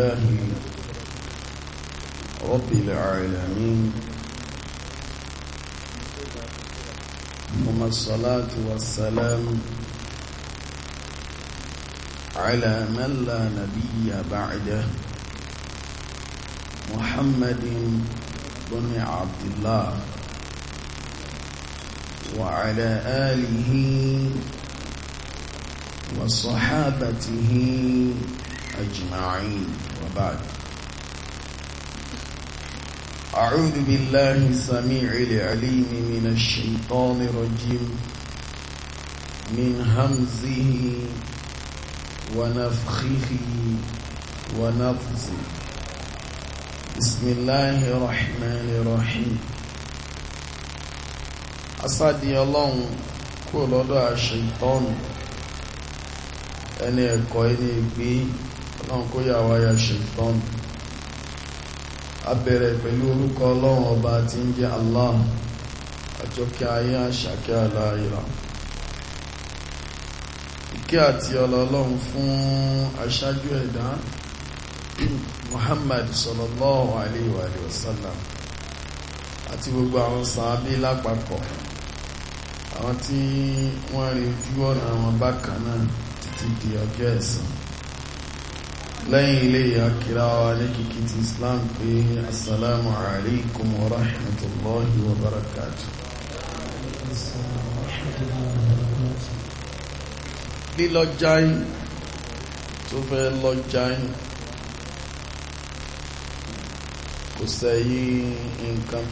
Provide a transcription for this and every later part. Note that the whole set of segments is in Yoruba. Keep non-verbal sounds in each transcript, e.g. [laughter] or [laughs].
لله رب العالمين ثم الصلاة والسلام على من لا نبي بعده محمد بن عبد الله وعلى آله وصحابته أجمعين وبعد أعوذ بالله السميع العليم من الشيطان الرجيم من همزه ونفخه ونفزه بسم الله الرحمن الرحيم أصدي الله كل هذا الشيطان ẹni ẹ̀kọ́ ẹni ìgbín ọlọ́run kó yà wá ya ṣètọ́n a pẹ̀lú orúkọ ọlọ́run ọba tí ń jẹ́ Allah àjọkẹ́ ayé àṣàkẹ́ aláìra ìkẹ́ àti ọlọ́run fún aṣáájú ẹ̀dá Muhammad sallallahu alayhi wa sallam àti gbogbo àwọn sàábí lápapọ̀ àwọn tí wọ́n rí ojú ọ̀nà àwọn bákan náà títí di ọjọ́ ẹ̀san lẹ́yìn ilé àkíráwà ní kìkì ti islam pé assalamu alaikum wa rahmatullahi wa barakatuh lílọ jáyí tó fẹ́ lọ jáyí kò sẹ́yìn nǹkan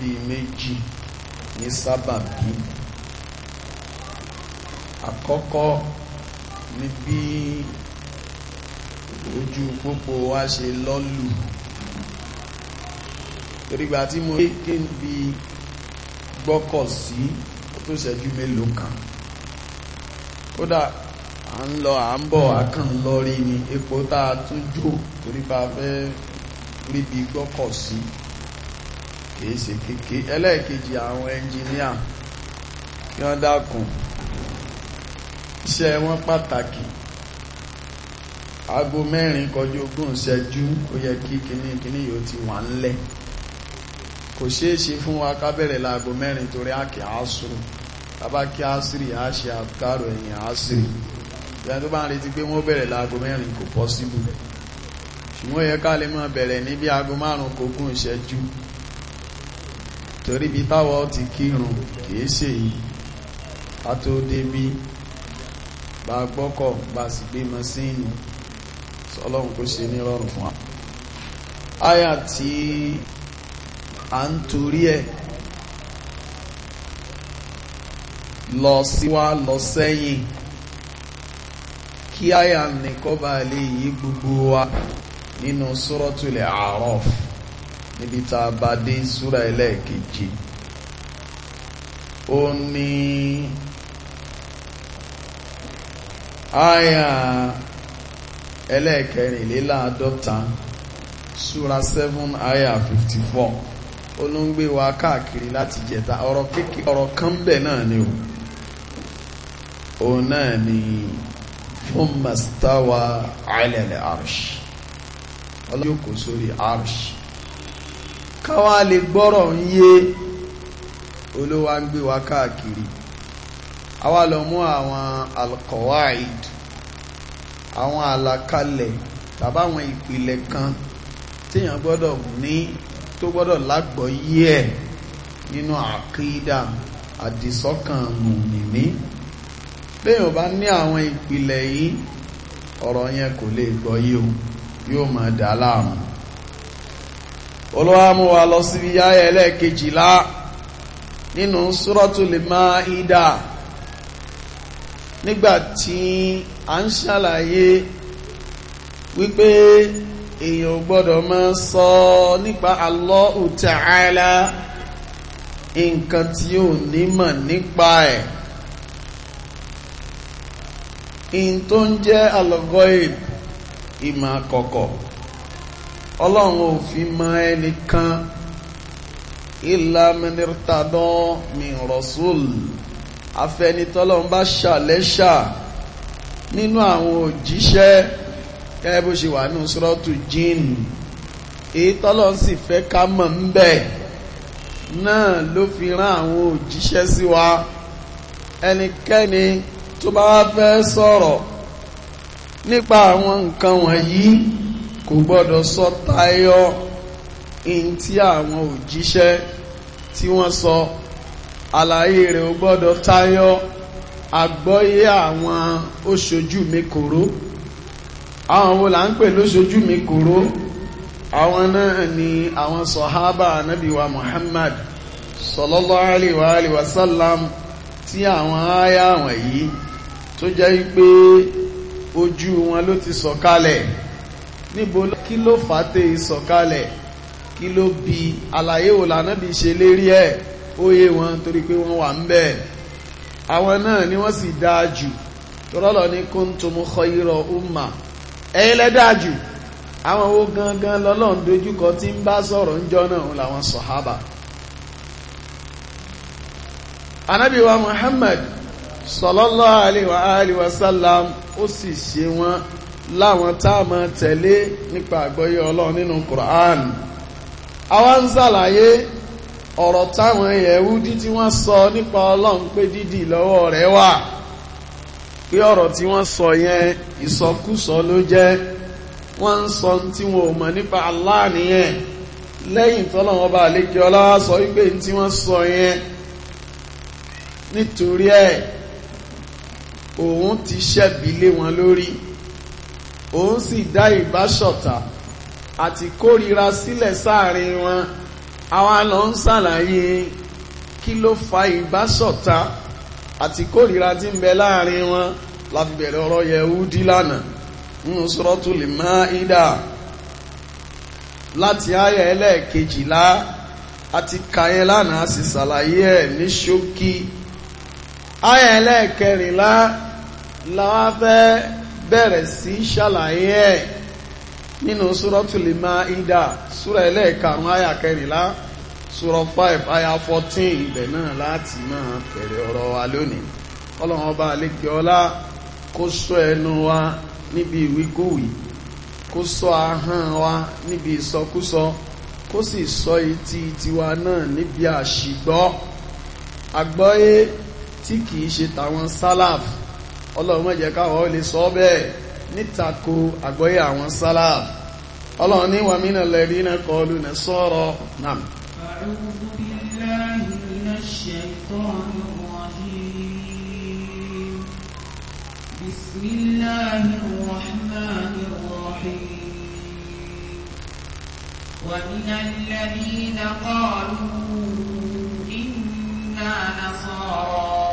ni bí ojú pópó wá ṣe lọ́lù torígbà tí mo rí kí n bí gbọ́kọ̀ sí tó ṣẹ́jú mélòó kan kódà à ń lọ à ń bọ̀ àkàn lọ rí ni epo tá a tún jò torí bá fẹ́ ríbi gbọ́kọ̀ sí kìí ṣe kéèké ẹlẹ́ẹ̀kejì àwọn ẹnjìníà kí wọ́n dákun iṣẹ́ wọn pàtàkì aago mẹ́rin kọjú ogún ìṣẹ́jú ó yẹ kí kíní kíní yóò ti wà ńlẹ̀ kò ṣeé ṣe fún wa ká bẹ̀rẹ̀ láago mẹ́rin torí àkè àásùrù bàbá kí àásìrì á ṣe àkàrò ẹ̀yìn àásìrì ìyẹn tó bá ń retí pé wọ́n bẹ̀rẹ̀ láago mẹ́rin kò pọ́síbù ṣùgbọ́n yẹ ká lè máa bẹ̀rẹ̀ ní bí aago márùn-ún kogún ìṣẹ́jú torí bí táwọ̀ ti kírun kìí ṣe yìí a tó débí bá gbọ́kọ̀ bá sì gbé mọ́ sínú ọlọ́run kó ṣe ní rọrùn fún wa àyà tí a ń torí ẹ̀ lọ sí lọ sẹ́yìn kí àyà nìkan lè yí gbogbo wa nínú Suratul A'raf níbi tá a bá dé súra ẹlẹ́ẹ̀kejì ó ní àyà ẹlẹ́ẹ̀kẹrìnléláàádọ́ta ṣúra 7 aya 54 olóńgbé wa káàkiri láti jẹta ọ̀rọ̀ kéèkì ọ̀rọ̀ kan bẹ̀ náà ni o òun náà ni fún mastawa alẹ́lẹ̀ arṣ ọlọ́yọ̀kọ̀ sórí arṣ káwá lè gbọ́rọ̀ ń yé olówá ń gbé wa káàkiri àwa lọ mú àwọn alkọ̀wáìd àwọn àlàkalẹ̀ tàbí àwọn ìpìlẹ̀ kan téèyàn gbọ́dọ̀ ní tó gbọ́dọ̀ lágbọ́yé ẹ̀ nínú àkídà àdìsọ́kàn mùmìnì béèyàn bá ní àwọn ìpìlẹ̀ yìí ọ̀rọ̀ yẹn kò lè gbọ́yé o yóò máa dà láàmú olúwa mú wa lọ síbi yáyẹ ẹlẹ́ẹ̀kejìlá nínú Suratul Maida nígbàtí a ń ṣàlàyé wípé èèyàn ò gbọ́dọ̀ máa sọ nípa Allahu Ta'ala nǹkan tí ò ní mọ̀ nípa ẹ̀ in tó ń jẹ́ alọ́gọ́ìb ìmọ̀ àkọ́kọ́ ọlọ́run ò fi mọ̀ ẹnìkan illa man irtada min afẹnitọ́lọ́run bá ṣàlẹ́ṣà nínú àwọn òjíṣẹ́ gẹ́gẹ́ bó ṣe wà nínú sọ́rọ́tù jinn èyí tọ́lọ́run sì fẹ́ ká mọ̀ ń bẹ̀ náà ló fi rán àwọn òjíṣẹ́ sí wa ẹnikẹ́ni tó bá fẹ́ sọ̀rọ̀ nípa àwọn nǹkan wọ̀nyí kò gbọ́dọ̀ sọ tayọ ìyìn tí àwọn òjíṣẹ́ tí wọ́n sọ. So àlàyé rẹ̀ ò gbọ́dọ̀ tayọ àgbọ́yé àwọn oṣojú mi kòró àwọn wo là ń pè lóṣojú mi kòró àwọn náà ni àwọn sọ̀hábà ànábì wa Muhammad sallallahu alaihi wa alihi wa sallam tí àwọn ááyá wọ̀nyí tó jẹ́ pé ojú wọn ló ti sọ̀kalẹ̀ níbo kí ló fàá tẹ́ kí ló bí àlàyé wò lànábì ṣe lérí ẹ̀ ó wọn torí pé wọ́n wà ń bẹ̀ àwọn náà ni wọ́n sì dáa jù tọ́lọ́lọ́ ní kuntum khayra umma ẹ̀yin lẹ dáa jù àwọn owó gangan lọ́lọ́run dojúkọ tí ń bá sọ̀rọ̀ ń jọ náà làwọn sọ̀hábà Ànábì wa Muhammad sallallahu alaihi wa alihi wa sallam ó sì ṣe wọn láwọn tá a máa tẹ̀lé nípa àgbọ́yé ọlọ́run nínú Qur'an àwa ń ṣàlàyé ọ̀rọ̀ táwọn yẹ̀húdí tí wọ́n sọ nípa ọlọ́run pé dídì lọ́wọ́ rẹ̀ wà pé ọ̀rọ̀ tí wọ́n sọ yẹn ìsọkúsọ ló jẹ́ wọ́n ń sọ tí wọn ò mọ̀ nípa Allah nìyẹn lẹ́yìn tọ́lọ́wọ́n bá lékè ọlá sọ wípé tí wọ́n sọ yẹn nítorí ẹ̀ òun ti ṣẹ̀bi lé wọn lórí òun sì dá ìbáṣọ̀tà àti kórira sílẹ̀ sáàrin wọn. àwa lọ ń ṣàlàyé kí ló fa ìbásọ̀tá àti kórìíra tí ń bẹ láàrin wọn láti bẹ̀rẹ̀ ọ̀rọ̀ Yẹhudi lánàá nínú Suratul Maida láti àyà ẹlẹ́ẹ̀kejìlá àti kàyẹ lánàá sì ṣàlàyé ẹ̀ ní ṣókí àyà ẹlẹ́ẹ̀kẹrìnlá làwọn fẹ́ bẹ̀rẹ̀ sí ṣàlàyé ẹ̀ nínú Suratul Maida súra ẹlẹ́ẹ̀karùn-ún àyà kẹrìnlá súra 5 àyà 14 ibẹ̀ náà láti máa bẹ̀rẹ̀ ọ̀rọ̀ wa lónìí ọlọ́run ọba àlékè ọlá kó sọ ẹnu wa níbi ìwíkúwì kó sọ ahọ́n wa níbi ìsọkúsọ kó sì sọ etí tiwa náà níbi àṣìgbọ́ àgbọ́yé tí kìí ṣe tàwọn sálàf ọlọ́run má jẹ́ káwọ́ lè sọ bẹ́ẹ̀ nítako àgbọ́yé àwọn sálàf ọlọ́run ní wàmínà lẹ́rí náà kọlu nà sọ́rọ̀ náà بسم الله الرحمن الرحيم ومن الذين قالوا إنا نصارى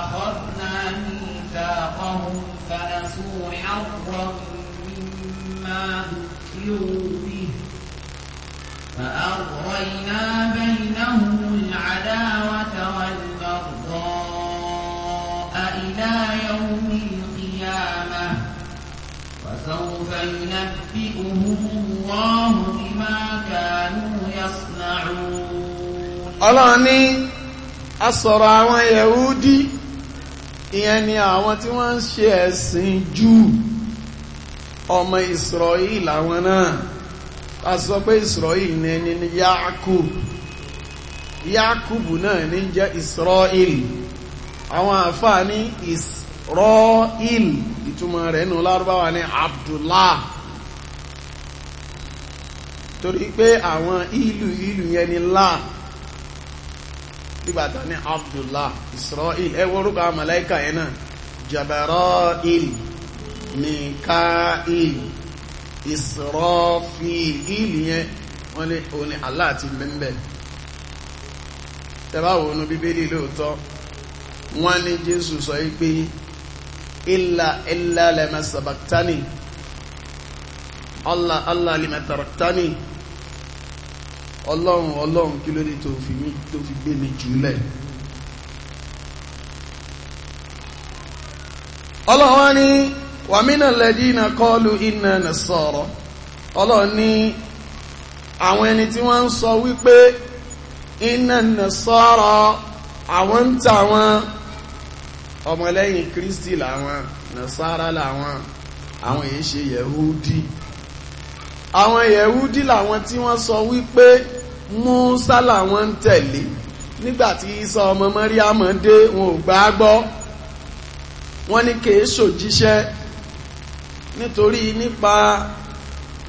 أخذنا ميثاقهم فنسوا حظا مما ذكروا به فأغرينا بينهم العداوة والبغضاء إلى يوم القيامة وسوف ينبئهم الله بما كانوا يصنعون ọlọ́ni asọ̀rọ̀ àwọn yahudi ìyẹn ni àwọn tí wọ́n ń ṣe ẹ̀sìn Júù ọmọ Israel àwọn náà a sọ pé Israel ní ẹni ní Yaakub Yaakubu náà ní jẹ́ Israel àwọn àfáà ní Israel ìtumọ̀ rẹ̀ nù lárúbáwá ní Abdullah torí pé àwọn ìlú ìlú yẹn ni láà nígbàtà ní abdullah israel ẹ wọ́rúkọ àmàlẹ́kà yẹn náà jabara'il mikail israfil ìlú yẹn wọ́n ní òní allah ti mẹ́mbẹ̀ tẹ́bá wo nu bíbélì lóòótọ́ wọ́n ní jésù sọ pé illa illa lẹ́mẹ̀sàbàtánì allah allah lẹ́mẹ̀tàràtánì ọlọ́run ọlọ́run kí ló dé tó fi mí tó fi gbé mi jùlẹ̀ ọlọ́run wá ní wàmínà lẹ́dínà kọlu iná nà sọ̀rọ̀ ọlọ́run ní àwọn ẹni tí wọ́n ń sọ wípé iná nà sọ̀rọ̀ àwọn ń ta wọn ọmọlẹ́yìn kristi làwọn nàṣàrà làwọn àwọn èyí ṣe yẹ̀húdí àwọn yẹ̀húdí làwọn tí wọ́n sọ wípé Mùsá làwọn ń tẹ̀lé nígbàtí Ìsá ọmọ Màríàmù dé wọn ò gbà á gbọ́ wọ́n ni kèé ṣòjíṣẹ́ nítorí nípa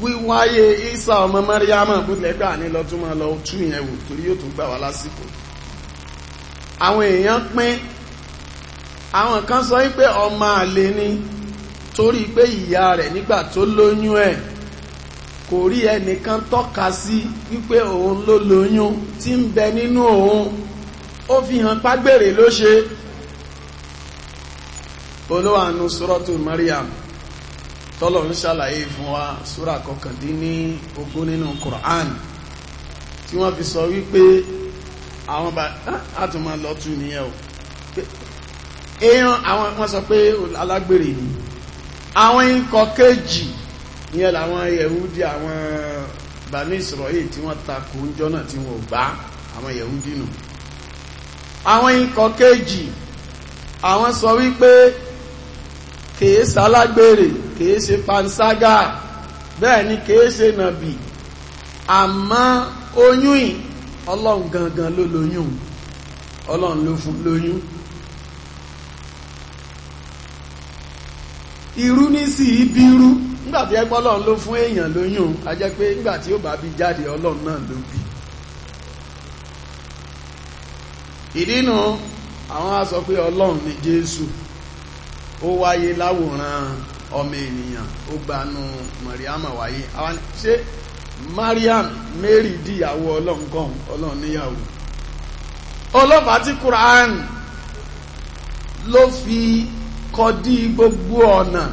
wíwáyé Ìsá ọmọ Màríàmù ni nílọ́túnmọ́ lọ tún yẹn wò torí yóò tún gbà wá lásìkò àwọn èèyàn pín àwọn kan sọ wípé ọmọ àlè ni torí pé ìyá rẹ̀ nígbà tó lóyún ẹ̀ kò rí ẹnìkan tọ́ka sí wípé òun ló lóyún tí ń bẹ nínú òun ó fi hàn págbèrè ló ṣe olówànú sọ́rọ́tù Maryam tọ́lọ̀ ń ṣàlàyé fún wa sura kọkàndínní ogún nínú Qur'an tí wọ́n fi sọ wípé àwọn bá àtúmọ̀ lọ́tù nìyẹn o èèyàn àwọn wọ́n sọ pé alágbèrè ni àwọn ikọ̀ kejì ìyẹn làwọn yẹ̀húdí àwọn bani Israel tí wọ́n takò ń jọ́nà tí wọ́n gbá àwọn yẹ̀húdí nù àwọn ikọ̀ kejì àwọn sọ wípé kìí sálágbèrè kìí ṣe panṣágà bẹ́ẹ̀ ni kìí ṣe nàbì àmọ́ oyún ì ọlọ́run gangan ló lóyún ọlọ́run ló fún lóyún irú ní sí ibi irú nígbàtí ẹgbọ́ ọlọ́run ló fún èèyàn lóyún a jẹ́ pé nígbàtí ó bá bí jáde ọlọ́run náà ló bí ìdínú àwọn á sọ pé ọlọ́run ni jésù ó wáyé láwòrán ọmọ ènìyàn ó gbanú mariam wáyé ṣé mariam mary díyàwó ọlọ́run kan ọlọ́run níyàwó ọlọ́pàá tí quran ló fi kọdí gbogbo ọ̀nà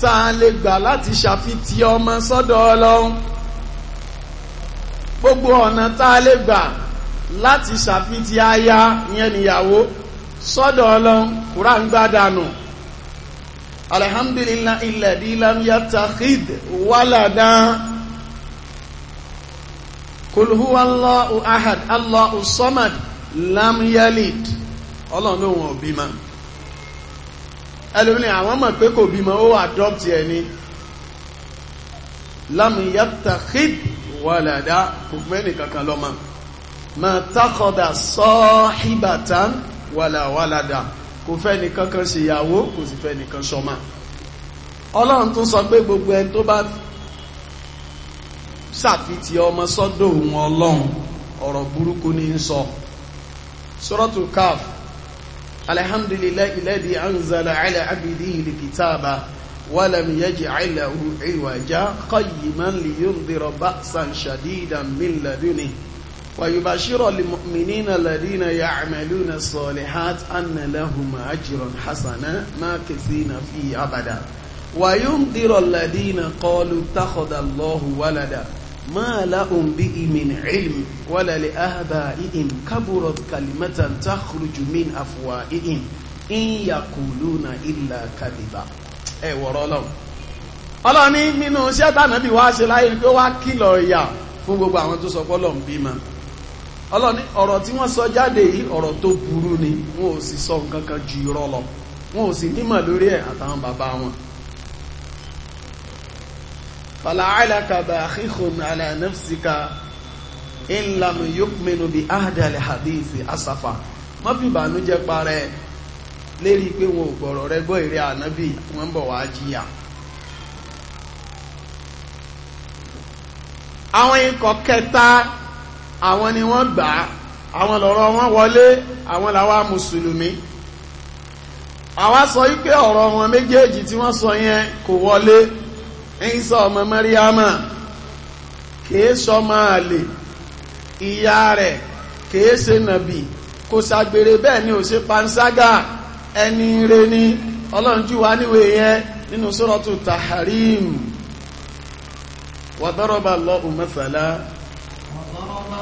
tá a lè gbà láti ṣàfitì ọmọ sọ́dọ̀ ọlọ́run gbogbo ọ̀nà tá a lè gbà láti ṣàfitì aya ìyẹn níyàwó sọ́dọ̀ ọlọ́run kúrán gbádànù alhamdulillah alladhi lam yattakhid walada kul huwa allahu ahad allahu samad lam ọlọ́run ló wọn bímọ ẹlòmíì àwọn mọ̀ pé kò bímọ ó adopt ẹ̀ ni lámì yàtàkìd wàlàdá gbogbo ẹnì kankan lọ́mọ mà tákọ̀dà sọ́ọ́hìbàtàn wàlàwàlàdà kò fẹ́ nìkan kan ṣèyàwó kò sì fẹ́ nìkan ṣọmọ ọlọ́run tún sọ pé gbogbo ẹni tó bá ṣàfitì ọmọ sọ́dọ̀ òun ọlọ́run ọ̀rọ̀ burúkú ní ń sọ suratul kaf الحمد لله الذي أنزل على عبده الكتاب ولم يجعل له عوجا قيما لينذر بأسا شديدا من لدنه ويبشر المؤمنين الذين يعملون الصالحات أن لهم أجرا حسنا ما كثين فيه أبدا وينذر الذين قالوا اتخذ الله ولدا ما لهم به من علم ولا لآبائهم كبرت كلمة تخرج من أفوائهم إن يقولون إلا كذبا ẹ wọ̀rọ̀ lọ ọlọ́ni nínú iṣẹ́ tànàbí wá ṣe láyé pé wá kìlọ̀ ìyà fún gbogbo àwọn tó sọ pọ́lọ̀ ń bí ma ọlọ́ni ọ̀rọ̀ tí wọ́n sọ jáde ni wọ́n kan ju فلعلك باخخ على نفسك إن لم يؤمن بعهد الحديث أسفا ما في ìbànújẹ́ parẹ́ lérí pé wọn ò gbọ́rọ̀ rẹ gbọ́ ìrẹ́ ànábì wọ́n ń bọ̀ wá jìyà àwọn ikọ̀ kẹta àwọn ni wọ́n gbà á àwọn lọ̀rọ̀ wọn wọlé àwọn làwa mùsùlùmí àwa sọ wípé ọ̀rọ̀ wọn méjèèjì tí wọ́n sọ yẹn kò ẹ̀yìnsọ ọmọ mẹ́ríàmà kìí sọmọ àlè ìyá rẹ̀ kìí nàbì kò ṣàgbèrè bẹ́ẹ̀ ni ò ṣe panṣágà ẹni rẹ̀ ni ọlọ́run jù yẹn nínú sọ́rọ̀tù taharim wàdọ́rọ̀bà lọ́hùn mẹ́fẹ̀lá wàdọ́rọ̀bà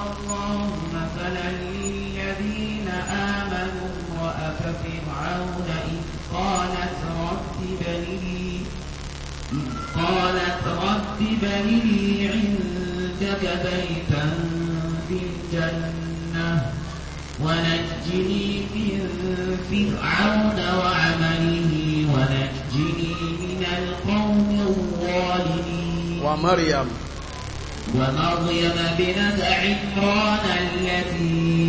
قالت رب بني لي عندك بيتا في الجنة ونجني من فرعون وعمله ونجني من القوم الظالمين ومريم ومريم بنت عمران التي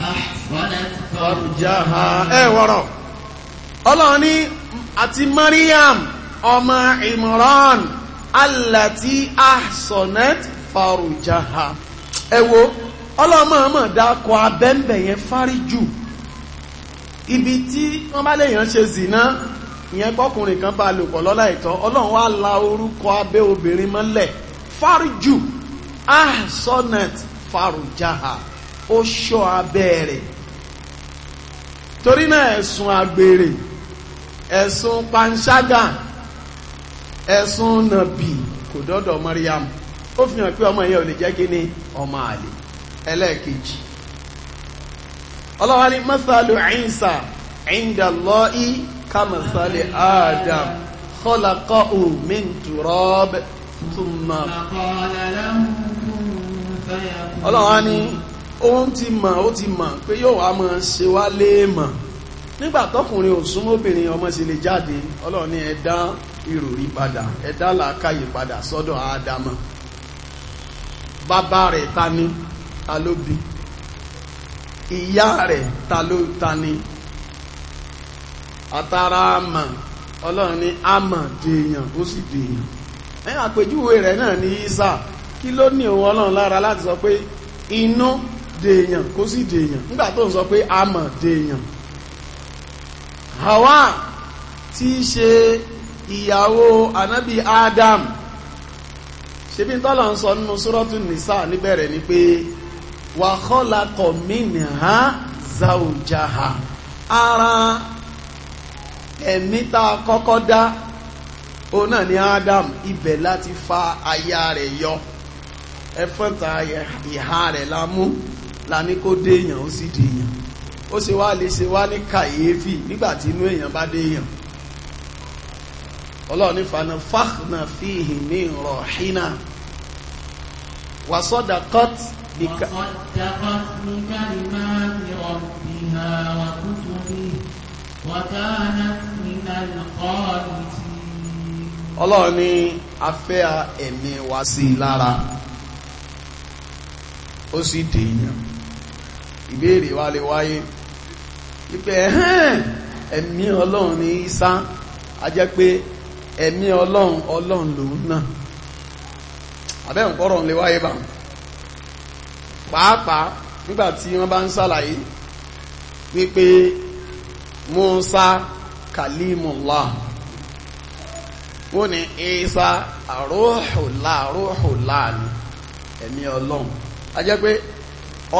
أحصنت فرجها ايه ورا الله ni àti Maryam ọmọ Imran allati ahsanat farujaha ẹ̀wọ́ ọlọ́mọọmọ dákọ̀ abẹ́ǹbẹ̀ yẹn fáríjù ibi tí wọ́n bá léèyàn ṣe zìnà ìyẹn pọ́kùnrin kan bá lò pọ̀ lọ́lá ìtọ́ ọlọ́run wá la orúkọ abẹ́ obìnrin mọ́lẹ̀ fáríjù ahsanat farujaha ó ṣọ́ abẹ́ rẹ̀ torí náà ẹ̀sùn àgbèrè ẹ̀sùn panṣágà ẹ̀sùn nàbì kò dọ́dọ̀ Mariam ó fi hàn pé ọmọ yẹn ò lè jẹ́ kí ni ọmọ àlè ẹlẹ́ẹ̀kejì ọlọ́wà ní masalu Isa indallahi kamasali Adam khalaqahu min turab thumma ọlọ́wà ní òun ti mọ̀ ó ti mọ̀ pé yóò wá mọ̀ ṣe wá léèmọ̀ nígbà tọkùnrin ò ọmọ sì lè jáde ọlọ́ọ̀ni ẹ̀dán ìròrí padà ẹ̀dá làákàyè padà sọ́dọ̀ àádámọ̀ bàbá rẹ̀ ta ni ta ló bí ìyá rẹ̀ ta ló ta ni àtàrà àmà ọlọ́run ní àmà dèèyàn ó sì dèèyàn ẹ̀yìn àpèjúwe rẹ̀ náà ní isa kí ló ní òun ọlọ́run lára láti sọ pé inú dèèyàn kó sì dèèyàn nígbà tó ń sọ pé àmà dèèyàn Hawa tí í ṣe ìyàwó anabi adam ṣebí tọ́lọ̀ ń sọ nínú sọ́rọ́tù nìsá níbẹ̀rẹ̀ ni pé wa khalaqa minha zawjaha ara ẹ̀mí tá a kọ́kọ́ dá òun náà ni adam ibẹ̀ láti fa aya rẹ̀ yọ ẹfọ́ta ìhà rẹ̀ la mú la ní kó dé èèyàn ó sì dé èèyàn ó ṣe wá lè ṣe wá ní kàyéfì nígbà tí inú èèyàn bá dé èèyàn ọlọ́run ní fana fáhùnà fíhì ní rọ̀hínà wàsọ́dà kọ́t bíkà. wàsọ́dà kọ́t bíkà ní máa ń yọ ìhà wà kútu bí wàkánà nínà lọ́ọ̀lù afẹ́ ẹ̀mí wá sí lára ó sì dèèyàn ìbéèrè wa lè wáyé wípé ẹ̀hẹ́n ẹ̀mí ọlọ́run ní a jẹ́ pé ẹ̀mí ọlọ́run ọlọ́run lòun náà àbẹ́hùn pọ́rọ̀ lè wáyé bá pàápàá nígbàtí wọ́n bá ń sàlàyé wípé Musa kalimullah wọ́n ni ni ẹ̀mí ọlọ́run a jẹ́ pé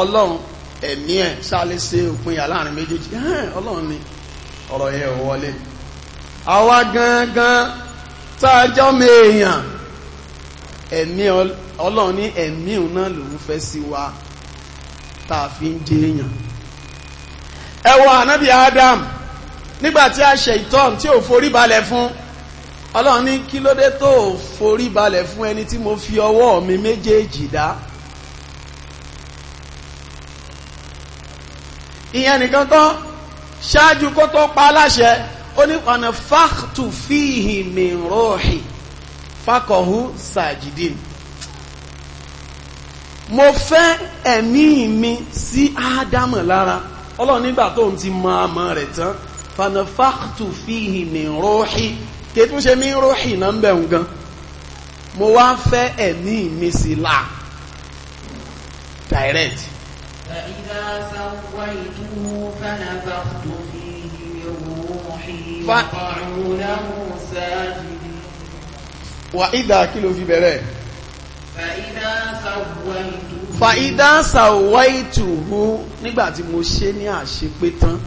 ọlọ́run ẹ̀mí ẹ̀ sálẹ́ sí òpin ni ọ̀rọ̀ wọlé awa gangan tààjọ́ mẹ́ẹ̀yàn ẹ̀mí ọlọ́run ní ẹ̀mí òun náà lòun fẹ́ sí wa tá fi ń jẹ́ èèyàn ẹ Adam nígbàtí a ṣe ìtọ́n tí ò forí balẹ̀ fún ọlọ́run ní kí ló dé tó ò forí balẹ̀ fún ẹni tí mo fi ọwọ́ mi méjèèjì dá ìyẹn nìkan tán ṣáájú kó tó pa aláṣẹ ó ní ọ̀nà fàtú fíhì mìíròhì fàkọ̀hù sàjìdì mo fẹ́ ẹ̀mí mi sí ádámù lára ọlọ́run nígbà tó ń ti mọ àmọ́ rẹ̀ tán fànà fàtú fíhì mìíròhì kìí tún ṣe mìíròhì náà ń bẹ̀ ń gan mo wá fẹ́ ẹ̀mí mi sí là direct wàídà kí ló fi bẹ̀rẹ̀ fàídà sàwáìtùhú nígbàtí mo ṣe ní àṣepé tán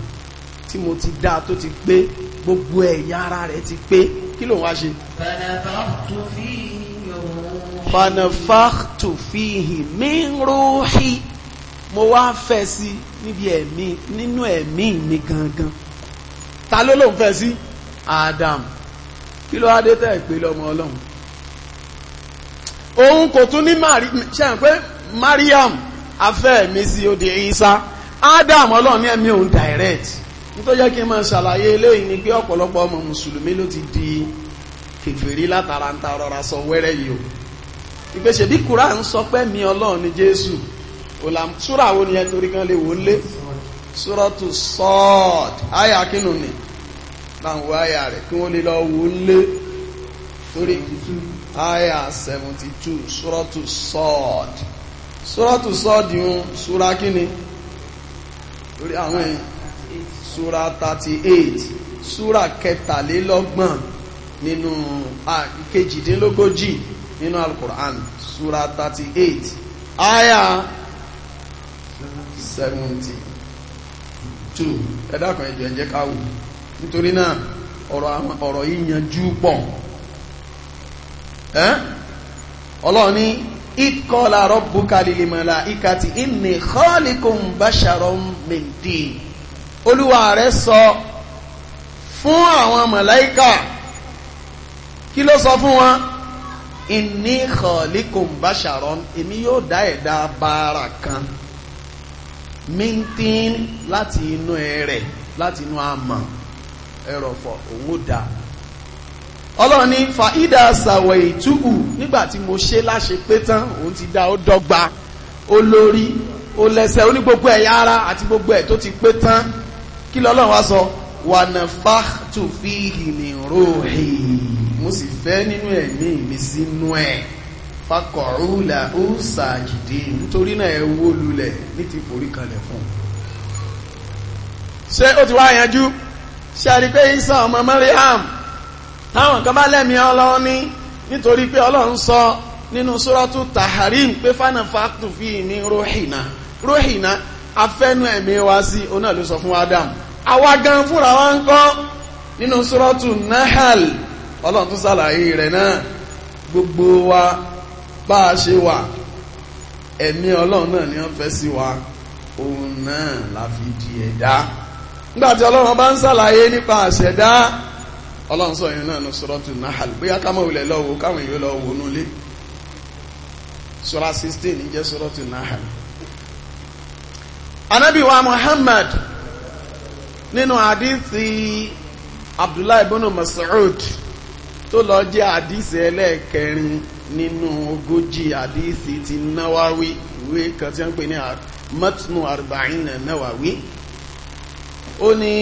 tí mo ti dá tó ti pé gbogbo ẹ̀yà ara rẹ̀ ti pé kí ló wá ṣe fanafaktu fihi min ruhi mo wá fẹ́ sí níbi ẹ̀mí nínú ẹ̀mí mi gangan ta ló lòun fẹ́ sí Adam kí ló adé tẹ́ pé lọ́mọ ọlọ́run òun kò tún ní ṣẹ́yìn pé Mariam afẹ́ mi sí odi Isa Adam ọlọ́run ní ẹ̀mí òun direct nítorí jẹ́ kí n máa ṣàlàyé eléyìí ni pé ọ̀pọ̀lọpọ̀ ọmọ mùsùlùmí ló ti di kèfèrí látara ń ta rọra sọ wẹ́rẹ́ yìí o ìgbésẹ̀ bí Kùránì ń sọ pé mi ọlọ́run ni Jésù òlàm súrà wo ni ẹ torí kan lè wò ó lé Suratu Sọ́ọ̀d àyà kínú ni láwọn wo àyà rẹ̀ kí wọ́n lè lọ wò lé torí àyà 72 Suratu Sọ́ọ̀d Suratu Sọ́ọ̀d yún súra kíni torí àwọn èèyàn súra 38 súra kẹtàlélọ́gbọ̀n nínú kejìdínlógójì nínú Al-Qur'an 38 àyà 70 two ẹ̀dá kan ẹ̀jọ̀ ẹ̀jẹ̀ káwò nítorí náà ọ̀rọ̀ yíyanjú pọ̀ ọlọ́run ní ikọ́lá rọ́bùkà lìlìmọ̀lá ìkàtì ìní kọ́ọ̀lìkùn báṣàrọ̀ mìndì olúwa rẹ̀ sọ fún àwọn mọ̀láíkà kí ló sọ fún wọn ìní kọ́ọ̀lìkùn báṣàrọ̀ èmi yóò dá ẹ̀dá bára kan mintin láti inú ẹ̀rẹ̀ láti inú amọ̀ ẹ̀rọ̀fọ̀ òun ó da ọlọ́run ní fàídà sàwẹ̀ ìtúkù nígbà tí mo ṣe láṣẹ pé tán òun ti dá ó dọ́gba ó lórí ó lẹ́sẹ̀ ó ní gbogbo ẹ̀yà ara àti gbogbo ẹ̀ tó ti pé tán kí lọ́lọ́run wá sọ wanafakhtu fihi min ruhi mo sì fẹ́ nínú ẹ̀mí mi sínú ẹ̀ fakọ̀rú là ó sàjìdì nítorí náà ẹ wó lulẹ̀ ní ti forí kalẹ̀ fún ṣé ó ti wá yanjú ṣàrí pé Isa ọmọ Maryam táwọn kan bá lẹ́mí ọlọ́run ní nítorí pé ọlọ́run sọ nínú suratu Taharim pé fánà fàtù fi ní róhìnà róhìnà afẹ́nu ẹ̀mí wa sí oná ló sọ fún Adam àwa gan fúnra wa ń kọ́ nínú suratu Nahal ọlọ́run tún ṣàlàyé rẹ̀ náà gbogbo wa bá a ṣe wà ẹ̀mí ọlọ́run náà ni wọ́n wa òun náà la fi di ẹ̀dá nígbàtí ọlọ́run bá ń sàlàyé nípa àṣẹ̀dá ọlọ́run sọ yìí náà ní sọ́rọ́tù náà bóyá kámọ̀ ilẹ̀ lọ́wọ́ káwọn sọ́rọ́ jẹ́ Muhammad nínú Abdullahi masoud tó lọ nínú ogójì àdíìsì ti náwáwí ìwé kan tí wọ́n pè ní matnu arba'ina náwáwí ó ní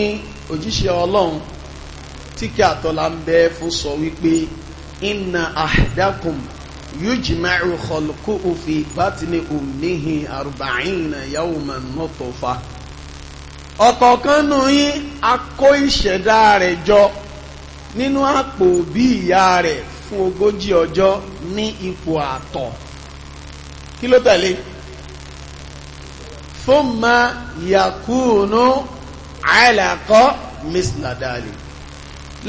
òjíṣẹ́ ọlọ́run tí kí àtọ́lá ń bẹ fún sọ wípé inna ahdakum yujma'u khalquhu fi batni ummihi arba'ina yawman nutfa ọ̀kọ̀ọ̀kan nù yín a ìṣẹ̀dá rẹ̀ jọ nínú àpò bí ìyá rẹ̀ fún ogójì ọjọ́ ní ipò àtọ̀ kí ló tẹ̀lé fún ma yakunu alakọ misladali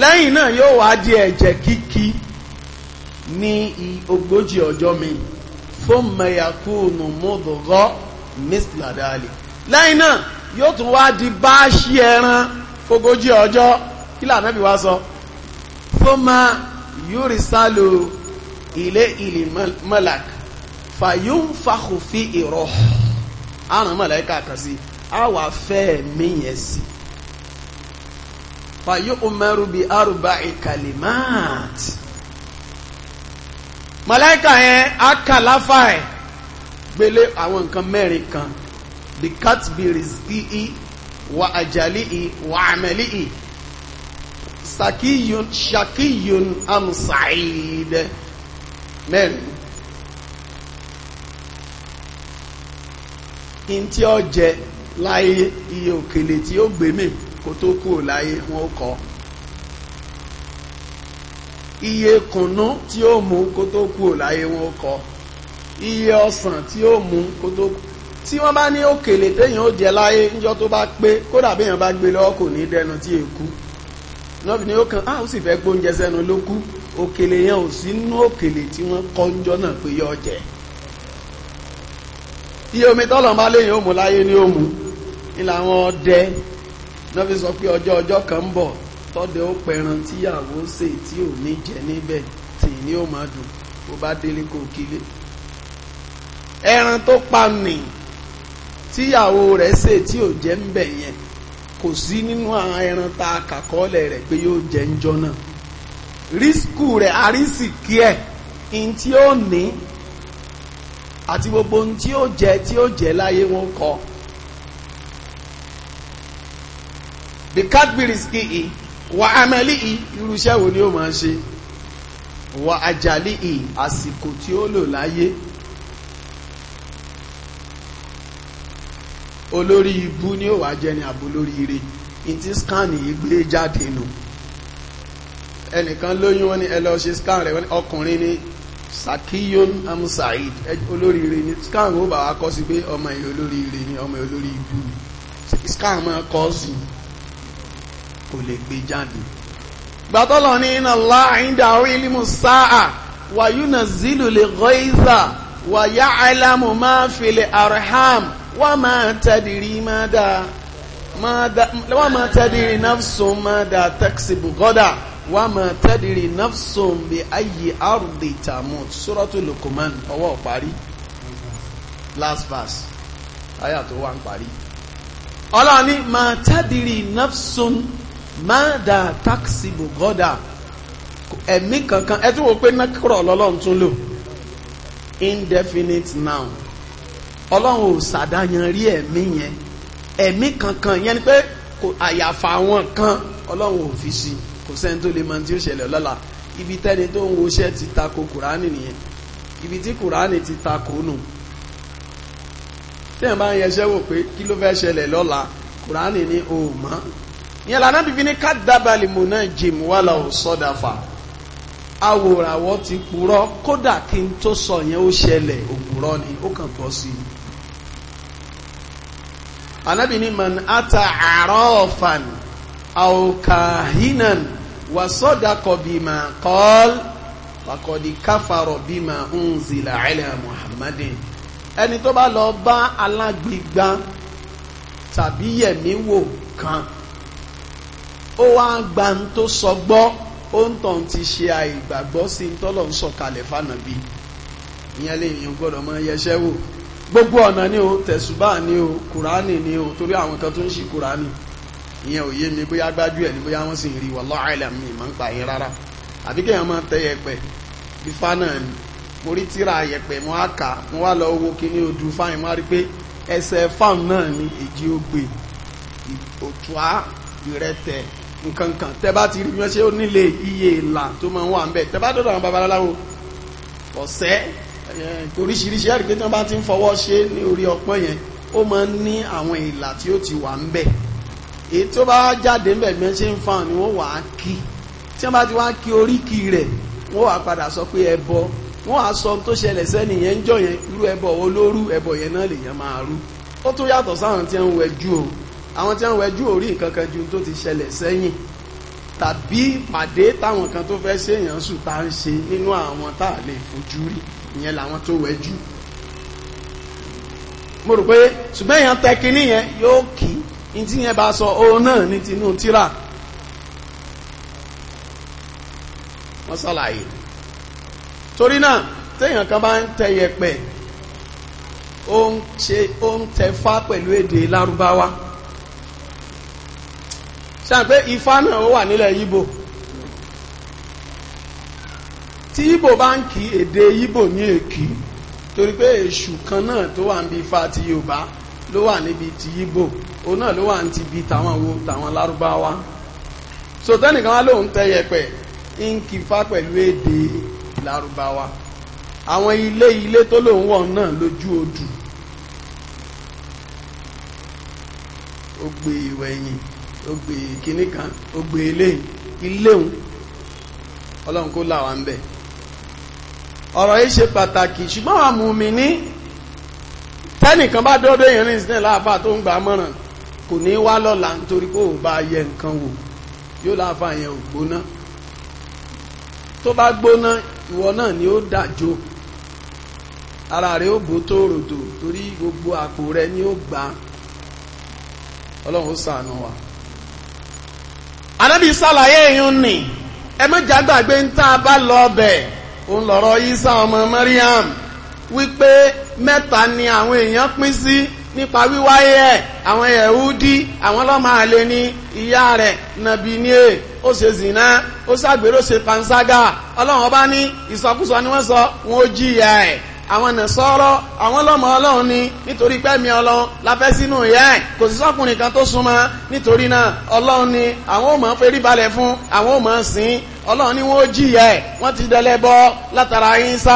lẹ́yìn náà yóò wá di ẹ̀jẹ̀ kíkí ní ogójì ọjọ́ mi fún ma yakunu mudghọ misladali lẹ́yìn náà yóò tún wá di báṣí ẹran fógójì ọjọ́ kí lànà bí wá sọ fún ma yúrísàlù ilé ìlì malak fàyúnfàkù fi ìrọ̀ àrùn mọ̀lẹ́kà kan sí àwà fẹ́ mìíyàn sí fàyúnmẹ́rù bí arùbá ìkàlìmáàtì mọ̀lẹ́kà yẹn akàláfà ẹ̀ gbélé àwọn nǹkan mẹ́rin kan bí katbiris kí wà àjálí i wà àmẹ́lí i sakiyun shakiyun am sa'id mẹ́rin in tí ó jẹ láyé iye o tí ó gbémè kó tó kúrò láyé wọn iye kùnú tí ó mú kó tó kúrò láyé wọn kọ iye ọsàn tí ó mú kó tó kúrò tí wọ́n bá ní òkèlè téèyàn ó jẹ láyé níjọ́ tó bá pé kódà béèyàn bá gbé lọ́wọ́ kò ní dẹnu tí èkú lọ́ọ̀bì ni ó kàn á ah, ó sì fẹ́ gbóúnjẹ sẹ́nu ló kú òkèlè yẹn ò sí òkèlè tí wọ́n kọ́njọ́ náà pé yọ jẹ iye omi tọ́lọ̀ léyìn òmù láyé ní òmù ní làwọn ọdẹ náà sọ pé ọjọ́ ọjọ́ kan ń bọ̀ ó pẹran tíyàwó tí ò ní jẹ níbẹ̀ tì ní ó pa nì tíyàwó rẹ̀ tí ò jẹ́ ń bẹ̀ kò sí nínú àwọn ẹran tá a kàkọ́ọ̀lẹ̀ rẹ̀ pé yóò jẹ ń jọ náà rísíkù rẹ̀ àrísìkí ẹ̀ in tí ó ní àti gbogbo ohun tí ó jẹ tí ó jẹ láyé wọn kọ bíkátbì rísíkì yìí wà amẹ́lí yìí irúṣẹ́ wo ni ó máa ṣe wà àjàlí yìí àsìkò tí ó lò láyé. olórí ibú ni ó wà jẹ́ ní àbò lórí ire ní ti scan yìí gbé jáde nù ẹnìkan lóyún wọn ni ẹ lọ ṣe scan rẹ ọkùnrin ni sakiyon amusaid olórí ire ni scan ó bá wa kọ́ sí pé ọmọ yìí olórí ire ni ọmọ yìí olórí ibú ni scan máa kọ́ sí kò lè gbé jáde gbàtọ́lọ̀ ní iná láàríndà orí ilimu sáà wàyúnà zílù lè gọ́ ìzà wàyá àìlàmù máa fi lè arham wọ́n máa tẹ́dìrí máa dáa wọ́n máa tẹ́dìrí nafsun máa dáa taksibu gọ́dà wọ́n máa tẹ́dìrí nafsun bí ayé ardi tamut suratu Luqman ọwọ́ parí last verse ayà tó wà ń parí ọlọ́run ní máa tẹ́dìrí nafsun máa dáa taksibu gọ́dà ẹ̀mí kankan ẹ tún wò pé nákúrọ̀ lọ́lọ́run tún lò indefinite noun ọlọ́run ò sàdáyan rí ẹ̀mí yẹn ẹ̀mí kankan yẹn ni pé àyàfà àwọn kan ọlọ́run ò fi sí kò sẹ́ni tó lè mọ tí ó ṣẹlẹ̀ lọ́la ibi tẹ́ni tó ń woṣẹ́ ti tako kùránì nìyẹn ibi tí kùránì ti tako nù tí ẹ̀ bá ń yẹṣẹ́ wò pé kí ló fẹ́ ṣẹlẹ̀ lọ́la kùránì ni o mọ́ yẹn lànà bíbí ní kádàbàlì mọ̀nà jìm wàlà ò sọ́dàfà awòràwọ̀ ti purọ́ kódà kí n tó sọ yẹn ó ṣẹlẹ̀ òpùrọ́ ni ó kàn bọ́ sí i anábì ní man ata àrọ́ọ̀fàn àwòkàhínàn wà sọ́dakọ̀ bímà kọ́ọ́l pàkọ́dí káfàrọ̀ bímà unzila ala muhammadin ẹni tó bá lọ bá alágbègbà tàbí yẹ̀mí wò kan ó wá gba ń tó sọ gbọ́ ó ń tàn ti ṣe àìgbàgbọ́ sí ń tọ́lọ̀ ń sọ̀kalẹ̀ fànàbí ìyẹn lè yín gbọ́dọ̀ mọ yẹsẹ́ wò gbogbo ọ̀nà ni o tẹ̀sùbá ni o kùránì ni o torí àwọn kan tó ń ṣe kùránì ìyẹn ò mi bóyá gbájú ẹ̀ ni bóyá wọ́n sì ń rí wallahu alam mi ìmọ̀ ń pa yín rárá àbí kéèyàn máa tẹ yẹpẹ̀ ifá náà ni mo rí tíra yẹpẹ̀ mo á kà mo wá lọ wo kíní odù fáyín mo á rí pé ẹsẹ̀ fáwọn náà ni èjì ogbè òtúá ìrẹtẹ̀ nkankan tẹ bá ti rí wọn ṣe ó nílé iye ìlà tó máa ń wà ń bẹ tẹ bá dọ̀dọ̀ àwọn babaláwo ọ̀sẹ́ Eh, oríṣiríṣi ẹ̀rí pé tí wọ́n bá ti ń fọwọ́ ṣe ní orí ọpọ́n yẹn ó máa ń ní àwọn ìlà tí ó ti wà ń bẹ̀ èyí tó bá jáde ńbẹ̀ bí wọ́n ṣe ń fa ni wọ́n wà á kí tí wọ́n bá ti wá kí oríkì rẹ̀ wọ́n wà padà sọ pé ẹbọ wọ́n wà sọ tó ṣẹlẹ̀ sẹ́ni yẹn ń jọ yẹn irú ẹbọ olórú ẹbọ yẹn náà lèyàn máa rú ó tó yàtọ̀ sáwọn tí wọ́n ń wẹjú o àwọn tí wọ́n ń wẹjú orí nǹkan ìyẹn làwọn tó wẹ̀ jù mo rò pé ṣùgbọ́n èèyàn tẹ kinní yẹn yóò kì í ní tí yẹn bá sọ òun náà ní tinú tíra wọ́n ṣàlàyé torí náà téèyàn kan bá ń tẹ yẹ̀pẹ̀ ó ń ṣe ó ń tẹ fá pẹ̀lú èdè lárúbáwá ṣáà pé ifá náà ó wà nílẹ̀ yíbo tí Ìbò bá ń kí èdè Ìbò ní èkì torí pé èṣù kan náà tó wà níbi ifá ti Yorùbá ló wà níbi ti Ìbò òun náà ló wà ní ti bi tàwọn wo tàwọn lárúbáwá so tẹ́nìkan wá lóun tẹ́ yẹpẹ̀ ń kí ifá pẹ̀lú èdè lárúbáwá àwọn ilé ilé tó lóun wọ̀ náà lójú odù ó gbé ìwẹ̀ ẹ̀yìn ó gbé kínní kan ó gbé ilé ìléhùn ọlọ́run kó là wá ń bẹ̀. ọ̀rọ̀ yìí ṣe pàtàkì ṣùgbọ́n mi ní tẹ́nìkan bá dọ́dọ̀ èèyàn ní ìsìnlẹ̀ tó ń gbà mọ́ràn kò ní wá lọ́la nítorí pé òun bá yẹ nǹkan wò yóò láàfà yẹn ò gbóná tó bá gbóná ìwọ náà ni ó dàjò ara rẹ ó bó torí gbogbo àpò rẹ ni ó gbà ọlọ́run wa. sàlàyé èèyàn nì ẹ ń tá lọ òun lọ̀rọ̀ Isa ọmọ Maryam wípé mẹ́ta ni àwọn èèyàn pín sí nípa wíwáyé ẹ̀ àwọn Yẹhudi àwọn lọ́mọ àlè ni ìyá rẹ̀ nàbì ni è ó ṣe zìnà ó ṣàgbèrè ó ṣe panṣágà ọlọ́run ọba ní ìsọkúsọ ni wọ́n sọ wọn ó jìyà ẹ̀ àwọn nàṣọ́rọ́ àwọn lọ́mọ ọlọ́run ni nítorí pẹ́mi ọlọ́run láfẹ́ sínú ìyá ẹ̀ kò sí sọ́kùnrin kan tó súnmọ́ nítorí náà ọlọ́run ni àwọn ò mọ̀ ń ferí balẹ̀ fún àwọn ò mọ̀ ń sìn ọlọ́run ni wọ́n jìyà ẹ̀ wọ́n ti dẹlẹ́bọ látara yín sá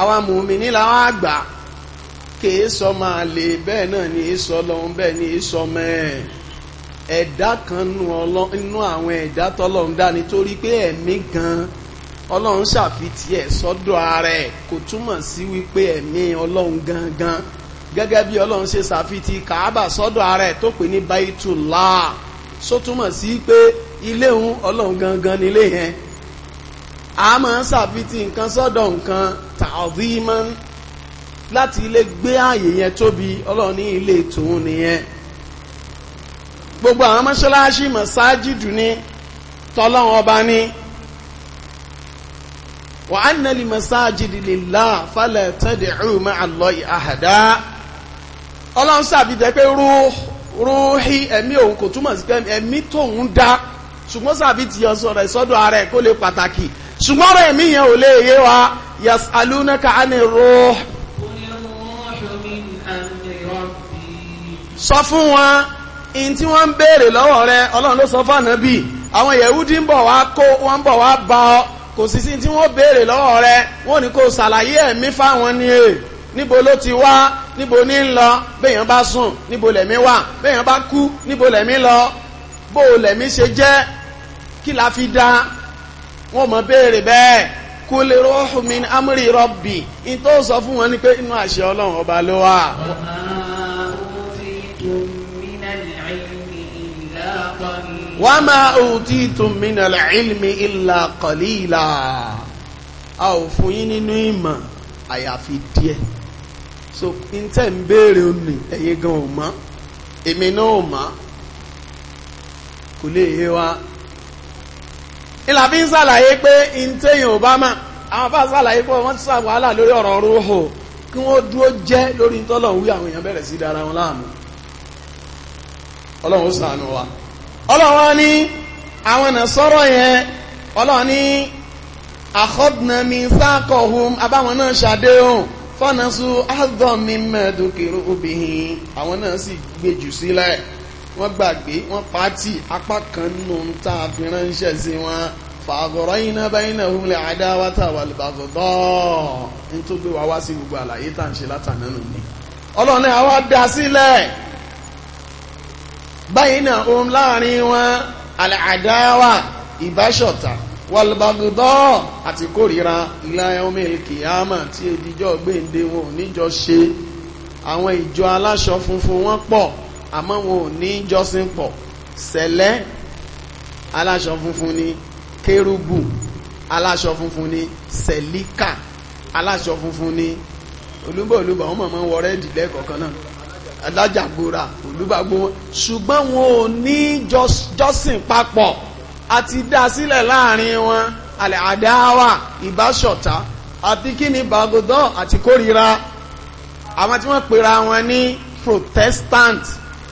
àwọn mùmíní làwọn àgbà kèé sọ ọlọ́run ṣàfitì ẹ̀ sọ́dọ̀ ara ẹ̀ kò túmọ̀ sí wípé ẹ̀mí ọlọ́run gangan gẹ́gẹ́ bí ọlọ́run ṣe ṣàfitì kàábà sọ́dọ̀ ara ẹ̀ tó pè ní baitullah só túmọ̀ sí pé ilé òun ọlọ́run gangan nílé yẹn a máa ń ṣàfitì nǹkan sọ́dọ̀ nǹkan ta'ziman láti ilé gbé ààyè yẹn tóbi ọlọ́run ní ilé tòun nìyẹn gbogbo àwọn mọ́ṣáláṣí mọ̀ṣáájìdù ní tọ́lọ́run ọba ní wa annali masajidi lillah fala tad'u ma'a allahi ahada ọlọ́run sàbídẹ́ pé rúhí ẹ̀mí òun kò túmọ̀ sí pé tóun dá ṣùgbọ́n sàbí ti ara ẹ̀ kó lè pàtàkì ṣùgbọ́n rẹ̀ ẹ̀mí yẹn ò lè yé wa yas alunaka ani ruh. sọ fún wọn in tí wọ́n ń béèrè lọ́wọ́ rẹ̀ ọlọ́run ló sọ fún ànábì àwọn ń wá kó ń wá bá ọ kò sí sí tí wọ́n béèrè lọ́wọ́ rẹ wọ́n ní kó ṣàlàyé ẹ̀mí fáwọn ni e níbo ló ti wá níbo ní ń lọ béèyàn bá sùn níbo lẹ̀mí wà béèyàn bá kú níbo lẹ̀mí lọ bó lẹ̀mí ṣe jẹ́ kí la fi dá wọ́n mọ̀ béèrè bẹ́ẹ̀ kó lè ruhu min amri rabbi in tó sọ fún wọn ni pé inú àṣẹ ọlọ́run ọba ló wà. min al-ilmi illa qalil wa ma utitum minal ilmi illa qalila a ò fún yín nínú ìmọ̀ àyàfi díẹ̀ so n tẹ́ ń béèrè òní ẹ̀yẹ gan ò mọ̀ èmi náà ò mọ̀ kò lè yé wa ìlà fi ń ṣàlàyé pé n tẹ́yìn ò bá mọ̀ àwọn bá ṣàlàyé pé wọ́n ti sà wàhálà lórí ọ̀rọ̀ rúhù kí wọ́n dúró jẹ́ lórí tọ́lọ̀ wí àwọn èèyàn bẹ̀rẹ̀ sí dára wọn láàmú ọlọ́run ó wa ọlọ́wọ́ ní àwọn nàṣọ́rọ̀ yẹn ọlọ́wọ́ ní akhadna mithaqahum abáwọn náà ṣàdéhùn fọ́nàṣù adhan mimma dhukiru bihi àwọn náà sì gbèjù sílẹ̀ wọ́n gbàgbé wọ́n pàtì apá kan nù ń ta fi ránṣẹ́ sí wọn fa'aghrayna baynahum al-'adawata wal-baghdha nítorí wàá wá sí gbogbo àlàyé tá ń ṣe látànánù ni ọlọ́run náà wá dá sílẹ̀ báyìí náà òun láàrin wọn àdáwà ìbáṣọ̀tà wàlùbàgùdọ́ àti kórìíra ilá ẹ̀hónmí kìámà tí ìdíjọ́ gbéǹde wọn ò níjọ ṣe àwọn ìjọ aláṣọ funfun wọn pọ̀ àmọ́ wọn ò ní jọ́sìn pọ̀ sẹ̀lẹ́ aláṣọ funfun ni kérúbù aláṣọ funfun ni sẹ̀líkà aláṣọ funfun ni olúbọ̀olúbọ̀ wọn mọ̀ mọ́ wọ rẹ́ẹ̀dì lẹ́ẹ̀kọ̀ọ̀kan náà alájàgbóra olúbàgbó wọn ṣùgbọ́n wọn ò ní jọ́sìn papọ̀ àti dá sílẹ̀ láàrin wọn àlẹ́ àdáwà ìbáṣọ̀tá àti kíni bàgòdọ́ àti kórìíra àwọn tí wọ́n pera wọn ní protestant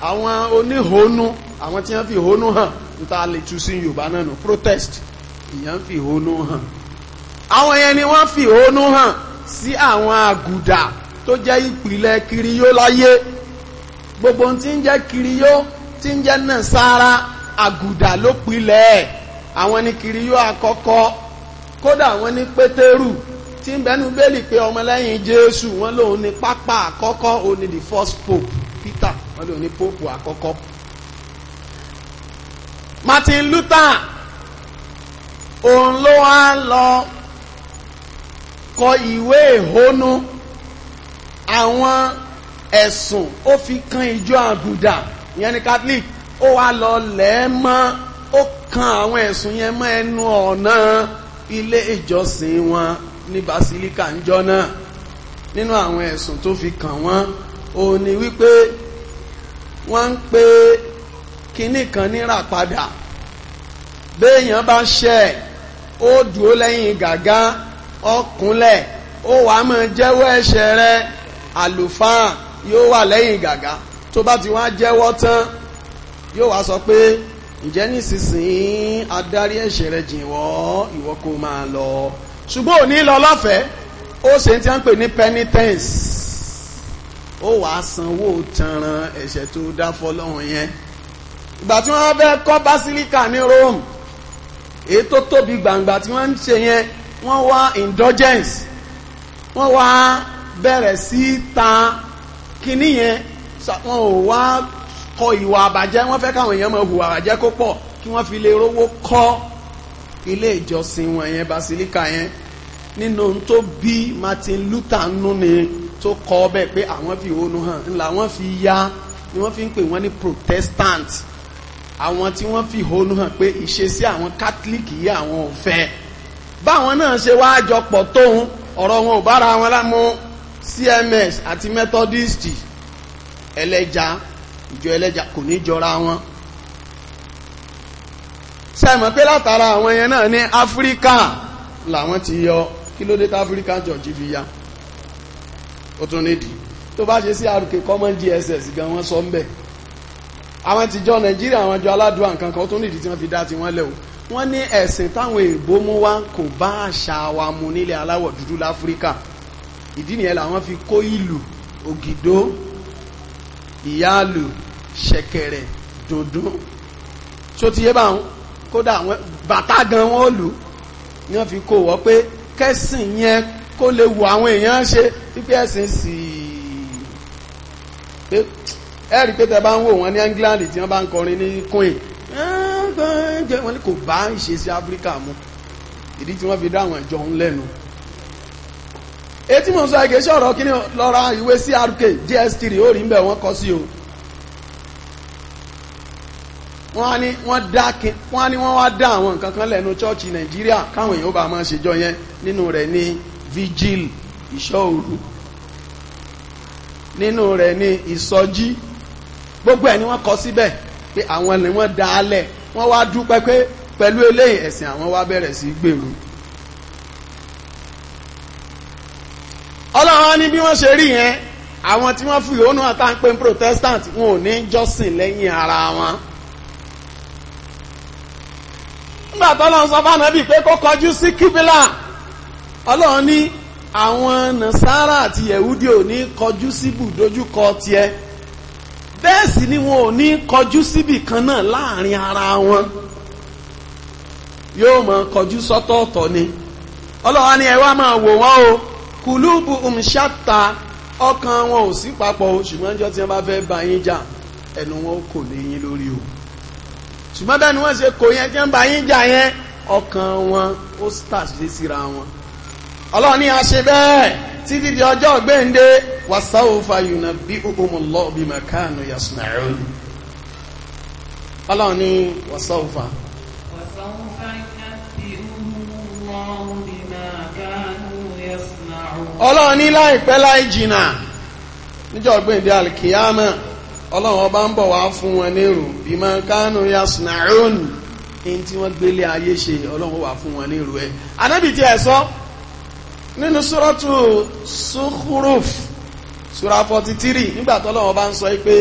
àwọn oníhónú àwọn tí wọ́n fi hónú hàn níta lè tú sí yorùbá náà nù protest ìyẹn fi hónú hàn àwọn yẹn ni wọ́n fi hónú hàn sí àwọn àgùdà tó jẹ́ ìpìlẹ̀ kiri yóò láyé gbogbo tí ń jẹ́ kiriyó tí ń jẹ́ nàṣàrà àgùdà ló pilẹ̀ àwọn ni kiriyó àkọ́kọ́ kódà àwọn ni pétérù tí ń bẹnu bẹ́ẹ̀lì pé ọmọlẹ́yìn jésù wọn lòun ni pápá àkọ́kọ́ òun ni the first pope peter wọn lòun ni pope àkọ́kọ́ martin luther òun ló wá lọ kọ ìwé ìhónú àwọn ẹ̀sùn ó fi kan ìjọ àgùdà ìyẹn ni catholic ó wá lọ lẹ́ẹ̀ mọ́ ó kan àwọn ẹ̀sùn yẹn mọ́ ẹnu ọ̀nà ilé ìjọsìn wọn ní basilica ńjọ náà nínú àwọn ẹ̀sùn tó fi kàn wọ́n ó ní wípé wọ́n ń pe kinní kan ní ràpadà béèyàn bá ṣẹ̀ ó dúró lẹ́yìn gàgá ọkùnlẹ̀ ó wàá máa jẹ́wọ́ ẹ̀ṣẹ̀ rẹ̀ àlùfáà yóò wà lẹ́yìn gàgá tó bá ti wá jẹ́wọ́ tán yóò wá sọ pé ǹjẹ́ nísinsìnyí adarí ẹ̀ṣẹ̀ rẹ jìn wọ́ ìwọ kó máa lọ ṣùgbọ́n ò lọ lọ́fẹ̀ẹ́ ó ṣe tí ń pè ní penitence ó wàá sanwó tanran ẹ̀ṣẹ̀ tó dá fọlọ́hún yẹn ìgbà tí wọ́n fẹ́ kọ́ basilica ní Rome èyí tó tóbi gbàǹgbà tí wọ́n ń ṣe yẹn wọ́n wá indulgence wọ́n wá bẹ̀rẹ̀ sí ta kìíní yẹn wọn ò wá kọ ìwà àbàjẹ́ wọ́n fẹ́ káwọn èèyàn máa hùwà àbàjẹ́ kó pọ̀ kí wọ́n fi lè rówó kọ́ ilé ìjọsìn wọn yẹn basilika yẹn nínú tó bí Martin Luther nú ni tó kọ ọbẹ̀ pé àwọn fi ònu hàn ńlá wọ́n fi ya ni wọ́n fi ń pè wọ́n ní Protestant àwọn tí wọ́n fi ònu hàn pé ìṣesí àwọn Catholic yìí àwọn ò fẹ́ báwọn náà ṣe wá jọpọ̀ tóun ọ̀rọ̀ wọn ò bára wọn lámú CMS àti Methodist ẹlẹ́ja ìjọ ẹlẹ́ja kò ní jọra wọn sẹ́mọ̀ pé látara àwọn yẹn náà ní Áfíríkà làwọn ti yọ kí ló dé tá Áfíríkà jọjí fi ya ó tún nídìí tó bá ṣe sí àrùkè common GSS gan wọ́n sọ ń bẹ̀ àwọn ti jọ Nàìjíríà àwọn jọ aládùn nǹkan kan ó tún nídìí tí wọ́n fi dá tiwọn lẹ̀ o wọ́n ní ẹ̀sìn táwọn èèbó mú kò bá àṣà wa mu nílẹ̀ aláwọ̀ dúdú láfíríkà ìdí nìyẹn làwọn fi kó ìlù ògìdó ìyáàlù ṣẹ̀kẹ̀rẹ̀ dòdò tó ti yé báwọn kódà àwọn bàtà gan wọn lù ni wọn fi kó wọ pé kẹsìn yẹn kó lè wo àwọn èèyàn ṣe fífi ẹsìn sí i ẹ rí i pé tẹ bá ń wò wọn ní England tí wọn bá ń kọrin ní queen wọn ni kò bá ìṣesí Áfíríkà mu ìdí tí wọn fi dá àwọn ìjọ ń lẹ́nu etí mò ń sọ ẹ̀gẹ́ sọ̀rọ̀ kí ni lọ́ra ìwé crk dstv ó rí ń bẹ̀ wọ́n kọ́ sí o wọ́n á ní wọ́n wá dá àwọn nǹkan kan lẹ́nu chọ́ọ̀chì nàìjíríà káwọn èèyàn bá máa ṣèjọ yẹn nínú rẹ̀ ní vigil ìṣọ́ nínú rẹ̀ ní ìsọjí gbogbo ẹ̀ ni wọ́n kọ síbẹ̀ pé àwọn ni wọ́n dá lẹ̀ wọ́n wá dúpẹ́ pé pẹ̀lú eléyìí ẹ̀sìn àwọn wá bẹ̀rẹ̀ sí gbèrú ọlọ́run ní bí wọ́n ṣe rí yẹn àwọn tí wọ́n fi ìhónú àtàǹpé protestant wọn ò ní jọ́sìn lẹ́yìn ara wọn. nígbà tọ́lọ́run sọ fún ànábì pé kó kọjú sí kíbílà ọlọ́run ní àwọn nàṣàrà àti yẹ̀wúdí ò ní kọjú sí ibùdójúkọ tiẹ̀ bẹ́ẹ̀ sì ni wọn ò ní kọjú síbì kan náà láàrin ara wọn yóò máa kọjú sọ́tọ̀ọ̀tọ̀ ni ọlọ́run ní ẹ wá máa wò wọ́n o kùlùbù umṣàtà ọkàn wọn ò sí papọ̀ o ṣùgbọ́n jọ tí wọ́n bá fẹ́ bá yín jà ẹnu wọn kò lé yín lórí o ṣùgbọ́n bẹ́ẹ̀ ni wọ́n ṣe kò yẹn jẹ́ ń bá yín jà yẹn ọkàn wọn ó tàṣe síra wọn ọlọ́run ní a ṣe bẹ́ẹ̀ títí di ọjọ́ ọ̀gbẹ́ǹde wàsáwòfà yùnà bí òmùlọ́ bí màkánù yasma'un ọlọ́run ní wàsáwòfà. wàsáwòfà yùnà bí òmùlọ́ bí ọlọ́run ní láìpẹ́ láì jìnà níjọ́ gbèǹde alkiyama ọlọ́run ọba ń bọ̀ wá fún wọn nírò bímọ kánú yasnaun ẹni tí wọ́n gbélé ayé ṣe ọlọ́run wà fún wọn nírò ẹ anábì tí ẹ sọ nínú súrọ́tù sukhruf súra 43 nígbà tọ́lọ́run ọba ń sọ pé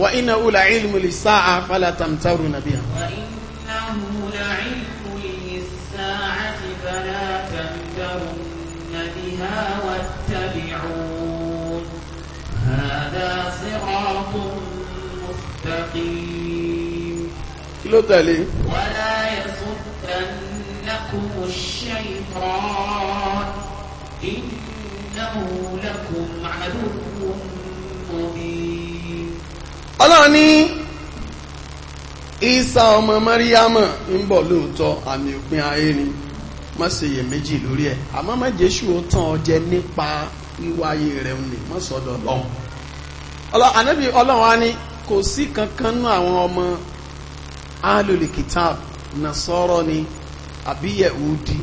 wà iná ula ilmu lè sáà fala tamtaru nàbíyà. wà iná ula ilmu lè sáà ti bala بنا واتبعون هذا صراط مستقيم ولا يصدنكم الشيطان إنه لكم عدو مبين الله Isa ọmọ Mariama ń bọ̀ lóòótọ́ àmì òpin ayé ni. má ṣe meji méjì lórí ẹ̀ àmọ́ má jésù ó tàn ọ jẹ nípa wíwáyé rẹ̀ ń lè má sọ̀dọ̀ lọ́hùn. ànábì ọlọ́run á ní kò sí kankan nú àwọn ọmọ alùlìkìtàb nàṣọ́rọ́ ni abi yẹ̀wùdí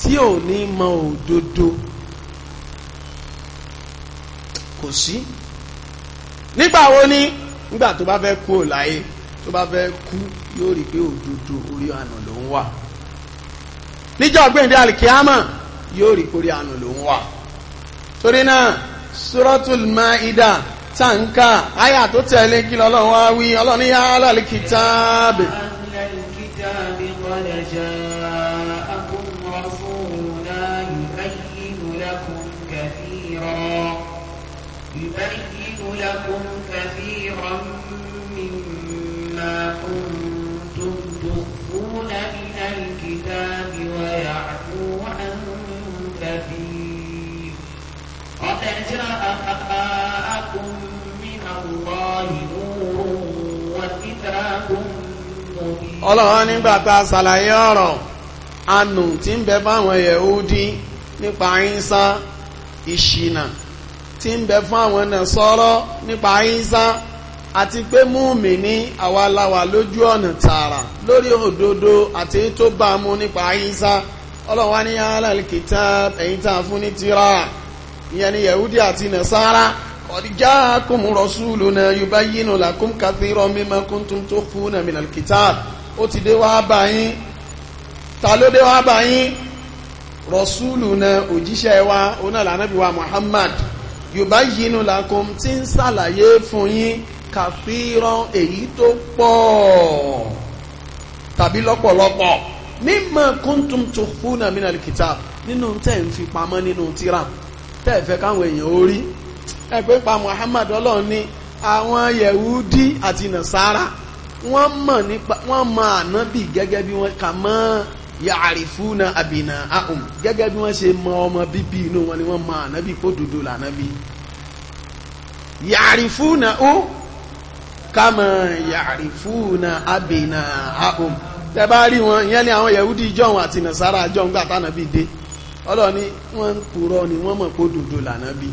tí ò ní mọ òdodo kò sí nígbà wo ni nígbà tó bá fẹ́ kú ò láyé tó bá fẹ́ kú yóò rí pé òdodo orí àná ló ń wà. níjọ́ ọ̀gbìnrin alikiyama yóò rí kórí àánú ló ń wà torí náà suratul maida tanka aya tó tẹ̀lé kí lọ́lọ́run wí ọlọ́run ní lálẹ́ kìtàbì. ويعفو عن كثير قد جاءكم من الله نور وكتاب ọlọ́run nígbà tá a ọ̀rọ̀ anù tí ń bẹ fáwọn yẹ̀húdí nípa ìsá ìṣìnà tí ń bẹ fáwọn nẹ̀sọ́rọ́ nípa ìsá àti pé múmi ní àwaláwa lójú ọ̀nà tààrà lórí òdodo àti tó bá mú nípa àyíṣá ọlọ́run wá ní alálìkìtà ẹ̀yìn tàà fún ní tíra ìyẹn ni yahudi àti nasara ọ̀dìjá kùn rọ̀súlù na yorùbá yínú làkún kàtírọ̀ mímọ́ kún tún tó fún nà mìnà ó ti dé wá bá ta ló dé wá bá rọ̀súlù na òjíṣẹ́ wa onáàlà anábìwá muhammad yorùbá yínú làkún tí ń sàlàyé fún yín kàfíràn èyí tó pọ̀ tàbí lọ́pọ̀lọpọ̀ mímọ kúntùm tó fún àmìnà kìtà nínú tẹ́ ń fi pamọ́ nínú tíra tẹ́ fẹ́ káwọn èèyàn ó rí ẹ pé pa Muhammad ọlọ́run ní àwọn yẹ̀wúdí àti nàṣàrà wọ́n mọ̀ nípa wọ́n mọ ànábì gẹ́gẹ́ bí wọ́n kà mọ́ yàrífúnà àbìnà àhùn gẹ́gẹ́ bí wọ́n ṣe mọ ọmọ bíbí inú wọn ni wọ́n mọ ànábì kó dúdú lànábì yàrífúnà ó kama yàrífúnà abìnà ahùn tẹ bá rí wọn ìyẹn ni àwọn yahudi john àti nasara john gbà tánà bí dé ọlọ́ni wọ́n ń purọ́ ni wọ́n mọ̀ pé lànà bí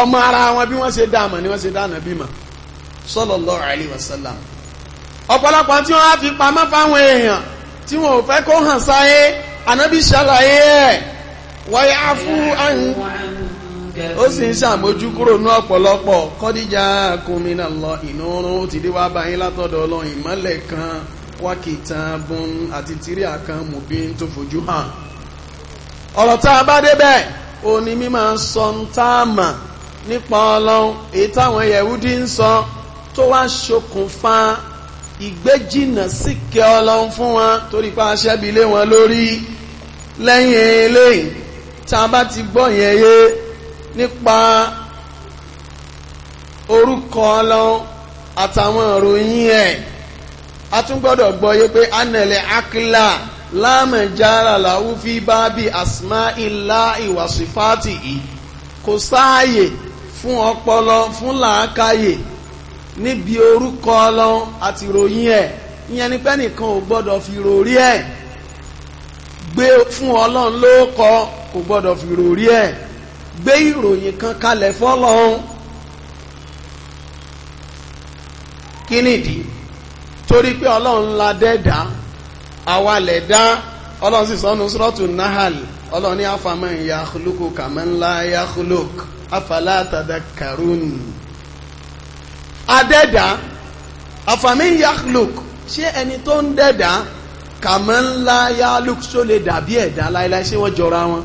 ọmọ ara wọn bí wọ́n ṣe dá ni wọ́n ṣe dá ànàbí mọ̀ sallallahu wasallam ọ̀pọ̀lọpọ̀ tí wọ́n á fi pamọ́ fáwọn èèyàn tí wọ́n ò fẹ́ kó hàn sáyé ànábì ṣàlàyé ó sì ń ṣàmójúkúrò ní ọ̀pọ̀lọpọ̀ kọ́díjà kòmìnà lọ ìnurun ó ti dé wá báyìí látọ̀dọ̀ ọlọ́run ìmọ́lẹ̀ kan wákìtàn bun àti tíríà kan mùbín tó fojú hàn ọ̀rọ̀ tá a bá débẹ̀ ó ní mímọ̀ ń sọ ń tá a mọ̀ nípa ọlọ́run èyí táwọn yẹ̀wúdí ń sọ tó wá ṣokùnfà ìgbéjìnà síkẹ́ ọlọ́run fún wọn torí pa aṣẹ́bi lé wọn lórí lẹ́yìn eléyìí tá a bá ti gbọ́ yẹn yé nípa orúkọ ọlọ́run àtàwọn ìròyìn ẹ̀ a tún gbọ́dọ̀ gbọ́yé pé anẹ̀lẹ̀ akílà lámẹ̀jára làwọn fi bá bí àsìmá ìlà ìwàsífàtì yìí kò sáàyè fún ọpọlọ fún làákàyè níbi orúkọ ọlọ́run àti ìròyìn ẹ̀ ìyẹn ni pé nìkan ò gbọ́dọ̀ fi ròrí ẹ̀ gbé fún ọlọ́run ló kò gbọ́dọ̀ fi ròrí ẹ̀ gbé ìròyìn kan kalẹ̀ fọ́lọ́hún kí nìdí torí pé ọlọ́run la dẹ́dà àwa lẹ̀ dá ọlọ́run sì sọ́nu sọ́tù nahal ọlọ́run ní afaman yakhluqu kaman la yakhluq afala tadakkarun adẹ́dà afaman yakhluq ṣé ẹni tó ń dẹ́dà kaman la yakhluq ṣó lè dàbí ẹ̀dá láéláé ṣé wọ́n jọra wọn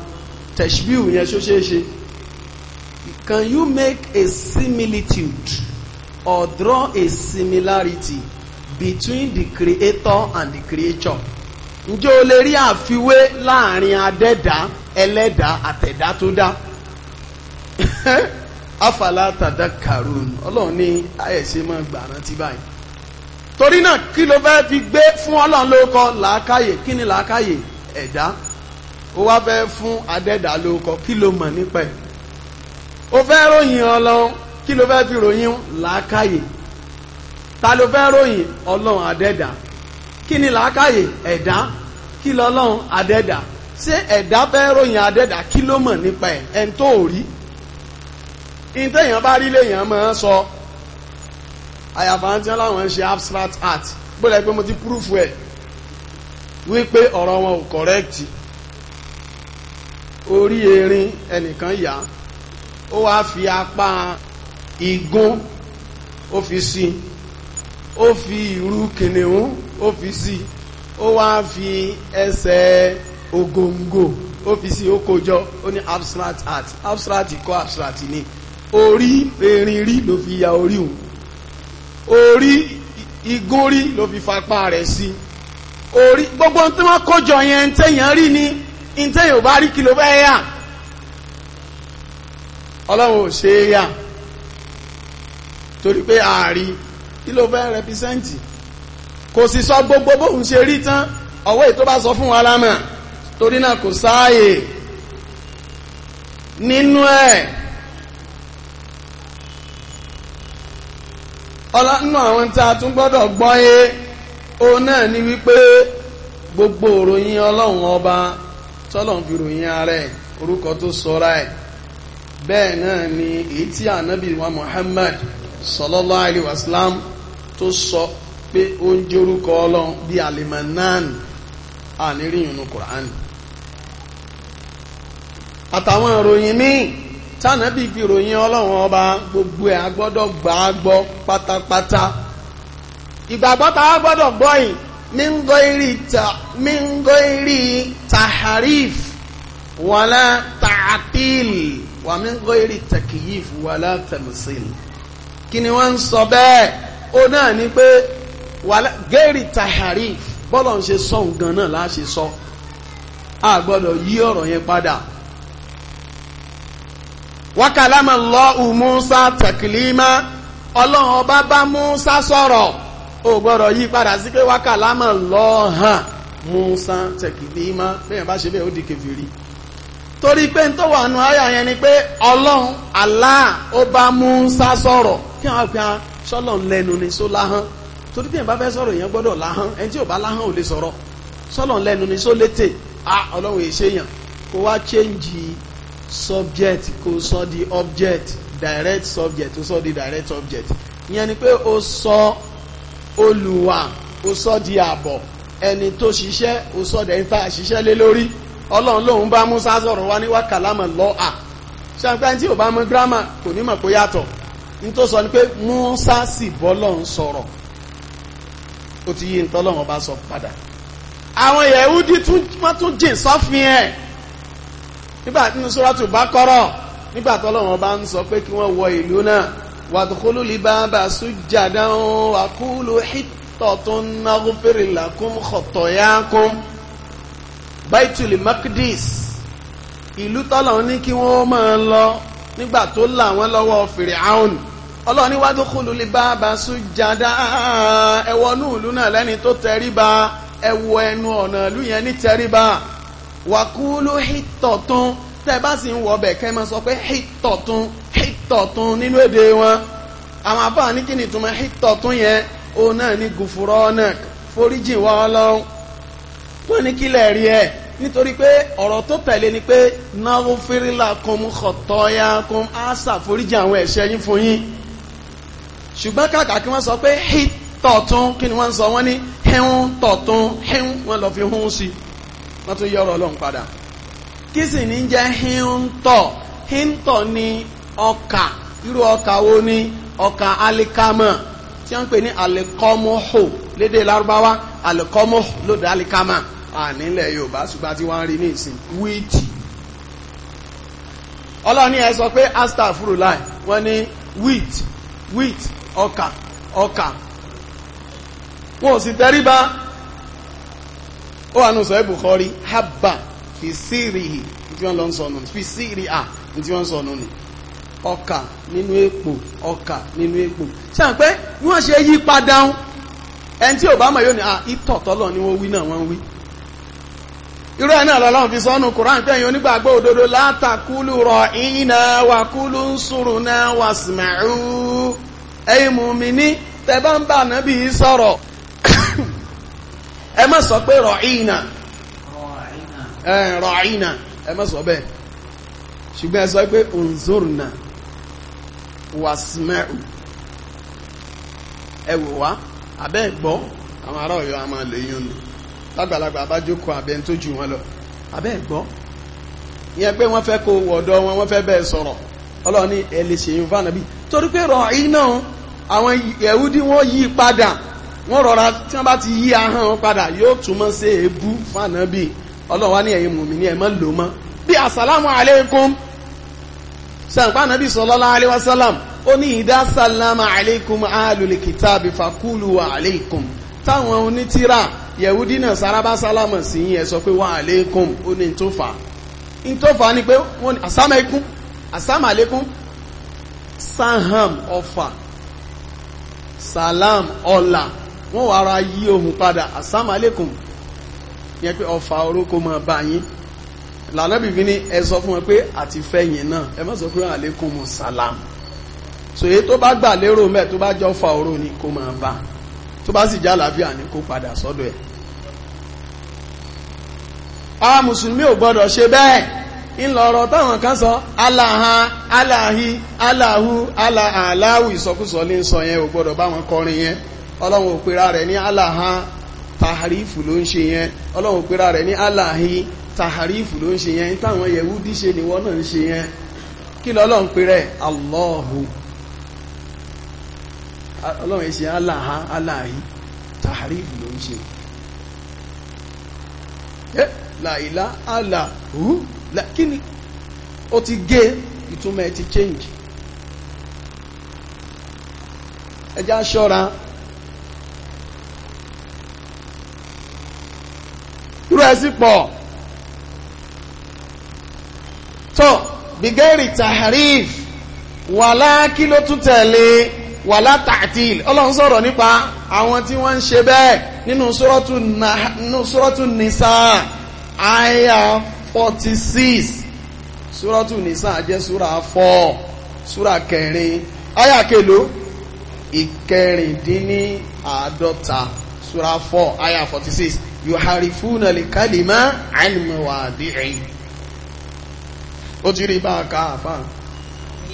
tẹ̀síbíù yẹn ṣó ṣeé ṣe. Can you make a similitude or draw a similarity between the creator and the creature? Ǹjẹ́ o lè rí àfiwé láàrin adẹ́dá ẹlẹ́dá àtẹ̀dá tó dá? [laughs] Afala tadakkarun ọlọ́run ní àyẹ̀ṣe máa gbà rántí báyìí. Torí náà kí ló fẹ́ fi gbé fún ọlọ́run ló làákàyè kí ni làákàyè ẹ̀dá? Ó wá fẹ́ fún adẹ́dá kí ló mọ̀ nípa ẹ̀? o fẹ́ ròyìn ọlọ́run kí ló fẹ́ fi ròyìn làákàyè ta ló fẹ́ ròyìn ọlọ́run àdẹ́dà kí ni làákàyè ẹ̀dá kí lọ́lọ́run àdẹ́dà ṣé ẹ̀dá fẹ́ ròyìn àdẹ́dà kí ló mọ̀ nípa ẹ̀ ẹni tó rí ìtẹ̀yàn bá rí lèèyàn máa ń sọ àyàfà ń tí wọ́n láwọn ń ṣe abstract art bóyá pé mo ti púrúfù ẹ̀ wípé ọ̀rọ̀ wọn ò kọ̀rẹ́ẹ̀tì orí erin ẹnìkan yà ó wá fi apá igún ó fi sí ó fi ìrù kìnìún ó fi sí ó wá fi ẹsẹ̀ ògòǹgò ó fi sí ó kójọ ó ní abstract art abstract kọ́ abstract ni orí erin rí ló fi ya orí òun orí igún rí ló fi fapá rẹ̀ sí orí gbogbo tí wọ́n kójọ yẹn ń tẹ̀yàn rí ni ń tẹ̀yàn ò bá rí kí bá yà ọlọ́run ṣe ya yà torí pé ààrí kí fẹ́ rẹpísẹ́ǹtì kò sì sọ gbogbo ṣe rí tán ọwọ́ èyí tó bá sọ fún wa torí náà kò sáàyè nínú ẹ̀ ọlọ́nà àwọn tí a tún gbọ́dọ̀ gbọ́yé o náà ni wípé gbogbo òròyìn ọlọ́run ọba tọ́lọ̀ fi ara ẹ̀ orúkọ tó sọra ẹ̀ bẹ́ẹ̀ náà ni èyí tí ànábì wa Muhammad sallallahu alaihi wasallam tó sọ pé ó ń jórúkọ ọlọ́run bí alimanan àníríyìn nínú Kùránì àtàwọn ìròyìn míì tánàbí fi ròyìn ọlọ́run ọba gbogbo ẹ̀ agbọ́dọ̀ gbà á gbọ́ pátápátá ìgbàgbọ́ tá gbọ́dọ̀ gbọ́ yìí mingoiri taharif wala ta'atil wa min ghairi takyif wala tamsil kí ni wọ́n ń sọ bẹ́ẹ̀ ó náà ní pé ghairi taharif bọ́lọ̀ ń ṣe sọ nǹkan náà láṣẹ sọ a gbọ́dọ̀ yí ọ̀rọ̀ yẹn padà wa kalama Allahu Musa taklima ọlọ́run ọba bá Musa sọ̀rọ̀ ó gbọ́dọ̀ yí padà sí pé wa kalama Allaha Musa taklima bẹ́ẹ̀ bá ṣe bẹ́ẹ̀ ó di kèfèrí torí pé n tó wà nù ayà yẹn ni pé ọlọ́run Allah ó bá Musa sọ̀rọ̀ kí wọ́n pe sọ́lọ̀ lẹ́nu ni só láhán torí pé ìbá fẹ́ sọ̀rọ̀ èèyàn gbọ́dọ̀ láhán ẹni tí ò bá láhán ò lè sọ̀rọ̀ sọ́lọ̀ lẹ́nu ni só létè á ọlọ́run èṣèyàn kó wá change subject kó sọ di object direct subject ó sọ di direct object ìyẹn ni pé ó sọ olùwà ó sọ di àbọ̀ ẹni tó ṣiṣẹ́ ó sọ dẹ̀ ń ta lé lórí ọlọ́run lòun bá Musa sọ̀rọ̀ wá ní wákàlámà lọ́à ṣàǹfẹ́ tí ò bá mọ gírámà kò ní mọ̀ kó yàtọ̀ ní tó sọ ni pé Musa sì bọ́lọ́run sọ̀rọ̀ ó ti yí ntọ́lọ́run ọba sọ padà àwọn Yẹhudi wọ́n tún jìn sọ́fin ẹ̀ nígbà tí Suratul Baqara nígbà tọ́lọ́run ọba ń sọ pé kí wọ́n wọ ìlú náà wàdùkúlù libaba sujjadan wàkúlù hìtọ̀tún náà gúfèrè làkún khatayakum baitul makdis ìlú tọ́lọ̀ ní kí wọ́n máa lọ nígbà tó là wọ́n lọ́wọ́ fìrìhàn ọlọ́run ní wájú kúlù lè bá bá sún jáde ẹwọ inú ìlú náà lẹ́ni tó tẹríba ẹwọ ẹnu ọ̀nà ìlú yẹn ní tẹríba wàkúlù hìtọ̀tún tẹ́ bá sì ń wọbẹ̀ kẹ́ máa sọ pé hìtọ̀tún hìtọ̀tún nínú èdè wọn àwọn àbá ní kí ni ìtumọ̀ hìtọ̀tún yẹn òun náà ní gùfúrọ́ náà foríjì wá ọlọ́run wọ́n ní kílẹ̀ rí ẹ̀ nítorí pé ọ̀rọ̀ tó tẹ̀lé ni pé náwó fírílà kan kọ̀tọ́ ya kan á ṣàforíjì àwọn ẹ̀ṣẹ̀ yín fún yín ṣùgbọ́n kàkà kí wọ́n sọ pé hí tọ̀tún kí ni wọ́n sọ wọ́n ní hẹ́hún tọ̀tún hẹ́hún wọ́n lọ fi hún sí wọ́n tún yọ ọ̀rọ̀ ọlọ́run padà kí sì ní jẹ́ híhún tọ̀ híhún tọ̀ ni ọkà irú ọkà wo ni ọkà alikama tí wọ́n ń pè ní alikọ́mọ́hò lédè lárúbáwá alikọ́mọ́hò lódà alikama ànílẹ̀ Yorùbá ṣùgbọ́n tí wọ́n ń rí ní ìsìn wíìtì ọlọ́ni ẹ sọ pé astafurulai wọ́n ní wheat wheat ọkà ọkà wọn ò sì tẹríba ó wà nù sọ ibùkọ́rí haba fi síìrìhì tí wọ́n lọ ń sọnù fi síìrìhà tí wọ́n ń sọnù ni ọkà nínú èpò ọkà nínú èpò ṣáà pé bí wọ́n ṣe yí padà ẹni tí ò bá mọ̀ yóò ní ah, ìtọ̀tọ́lọ̀ ni wọ́n wí náà wọ́n wí irú ẹ̀ náà lọ́lọ́run fi sọ́nù kùrán tẹ́yìn onígbàgbọ́ òdodo látàkúlù rọ ìyínà wà kúlù ń sùrù náà wà sìmẹ̀rú ẹ̀yin mùmíní tẹ́ bá ń bá ànábì sọ̀rọ̀ ẹ má sọ pé rọ ìyínà rọ ìyínà ẹ má sọ bẹ́ẹ̀ ṣùgbọ́n ẹ sọ pé lágbàlagbà bá jókòó àbẹ́ tó jù wọn lọ àbẹ́ ẹ̀gbọ́n ìyẹn pé wọ́n fẹ́ kó wọ̀dọ̀ wọn wọ́n fẹ́ bẹ́ẹ̀ sọ̀rọ̀ ọlọ́run ní ẹ lè ṣèyí fún ànábì torí pé rọ̀ iná àwọn yẹ̀wúdí wọ́n yí padà wọ́n rọra tí wọ́n bá ti yí ahọ́n wọn padà yóò túmọ̀ sí èébú fún ànábì ọlọ́run wá ní ẹ̀yin mùmínì ẹ̀ mọ́ lò mọ́ bí asàlámù aleikum sẹ́ǹpá ànábì sallallahu alaihi wasallam ó ní ìdá sàlámù aleikum alùlẹ̀kìtàbí fàkúlù aleikum táwọn onítìrà yẹ̀wúdí náà sárábá sálámà sí yín ẹ sọ pé wà àlékún ó ní tó fà ń tó fà ni pé wọ́n ní àsámẹ́kún àsámàlékún saham ọfà salam ọlà wọ́n wà ara yí ohun padà àsámàlékún yẹn pé ọfà orókó máa bá yín lànà bìbí ni ẹ sọ fún wọn pé àti fẹ́yìn náà ẹ má sọ pé àlékún mu salam sòye tó bá gbà lérò mẹ́ẹ̀ tó bá jọ fà oró ni kó máa bá a tó bá sì já àlàáfíà ní kó padà sọ́dọ̀ ẹ̀ a mùsùlùmí ò gbọ́dọ̀ ṣe bẹ́ẹ̀ ńlọrọ̀ táwọn kan sọ aláha aláhi aláhu aláhàláwù ìsọkúsọ lè ń sọ yẹn ò gbọ́dọ̀ bá wọn kọrin yẹn ọlọ́run ò pera rẹ̀ ní aláha tàhàrífù ló ń ṣe yẹn ọlọ́run ò pera rẹ̀ ní aláhi tàhàrífù ló ń ṣe yẹn táwọn yẹ̀wúdí ṣe nìwọ náà ń ṣe yẹn kí lọ́lọ́run pera ẹ̀ allahu ọlọ́run èsì aláha aláhi tàrífù ló ń ṣe ẹ́ làìlá aláhù kíni ó ti gé ìtumọ̀ ẹ̀ ti change ẹjá ṣọ́ra irú ẹ̀sí pọ̀ tọ́ bìgẹ́rì tàrífù wàlá kí ló tún tẹ̀lé wàlá tààtìl ọlọ́run sọ̀rọ̀ nípa àwọn tí wọ́n ń ṣe bẹ́ẹ̀ nínú sọ́rọ́tù nìsà àyà 46 sọ́rọ́tù nìsà jẹ́ súra 4 súra kẹrin àyà kèló ìkẹrìndínláàdọ́ta súra 4 àyà 46 yuharifuna likalima an mawadi'i ó ti rí bá a ká àfáà.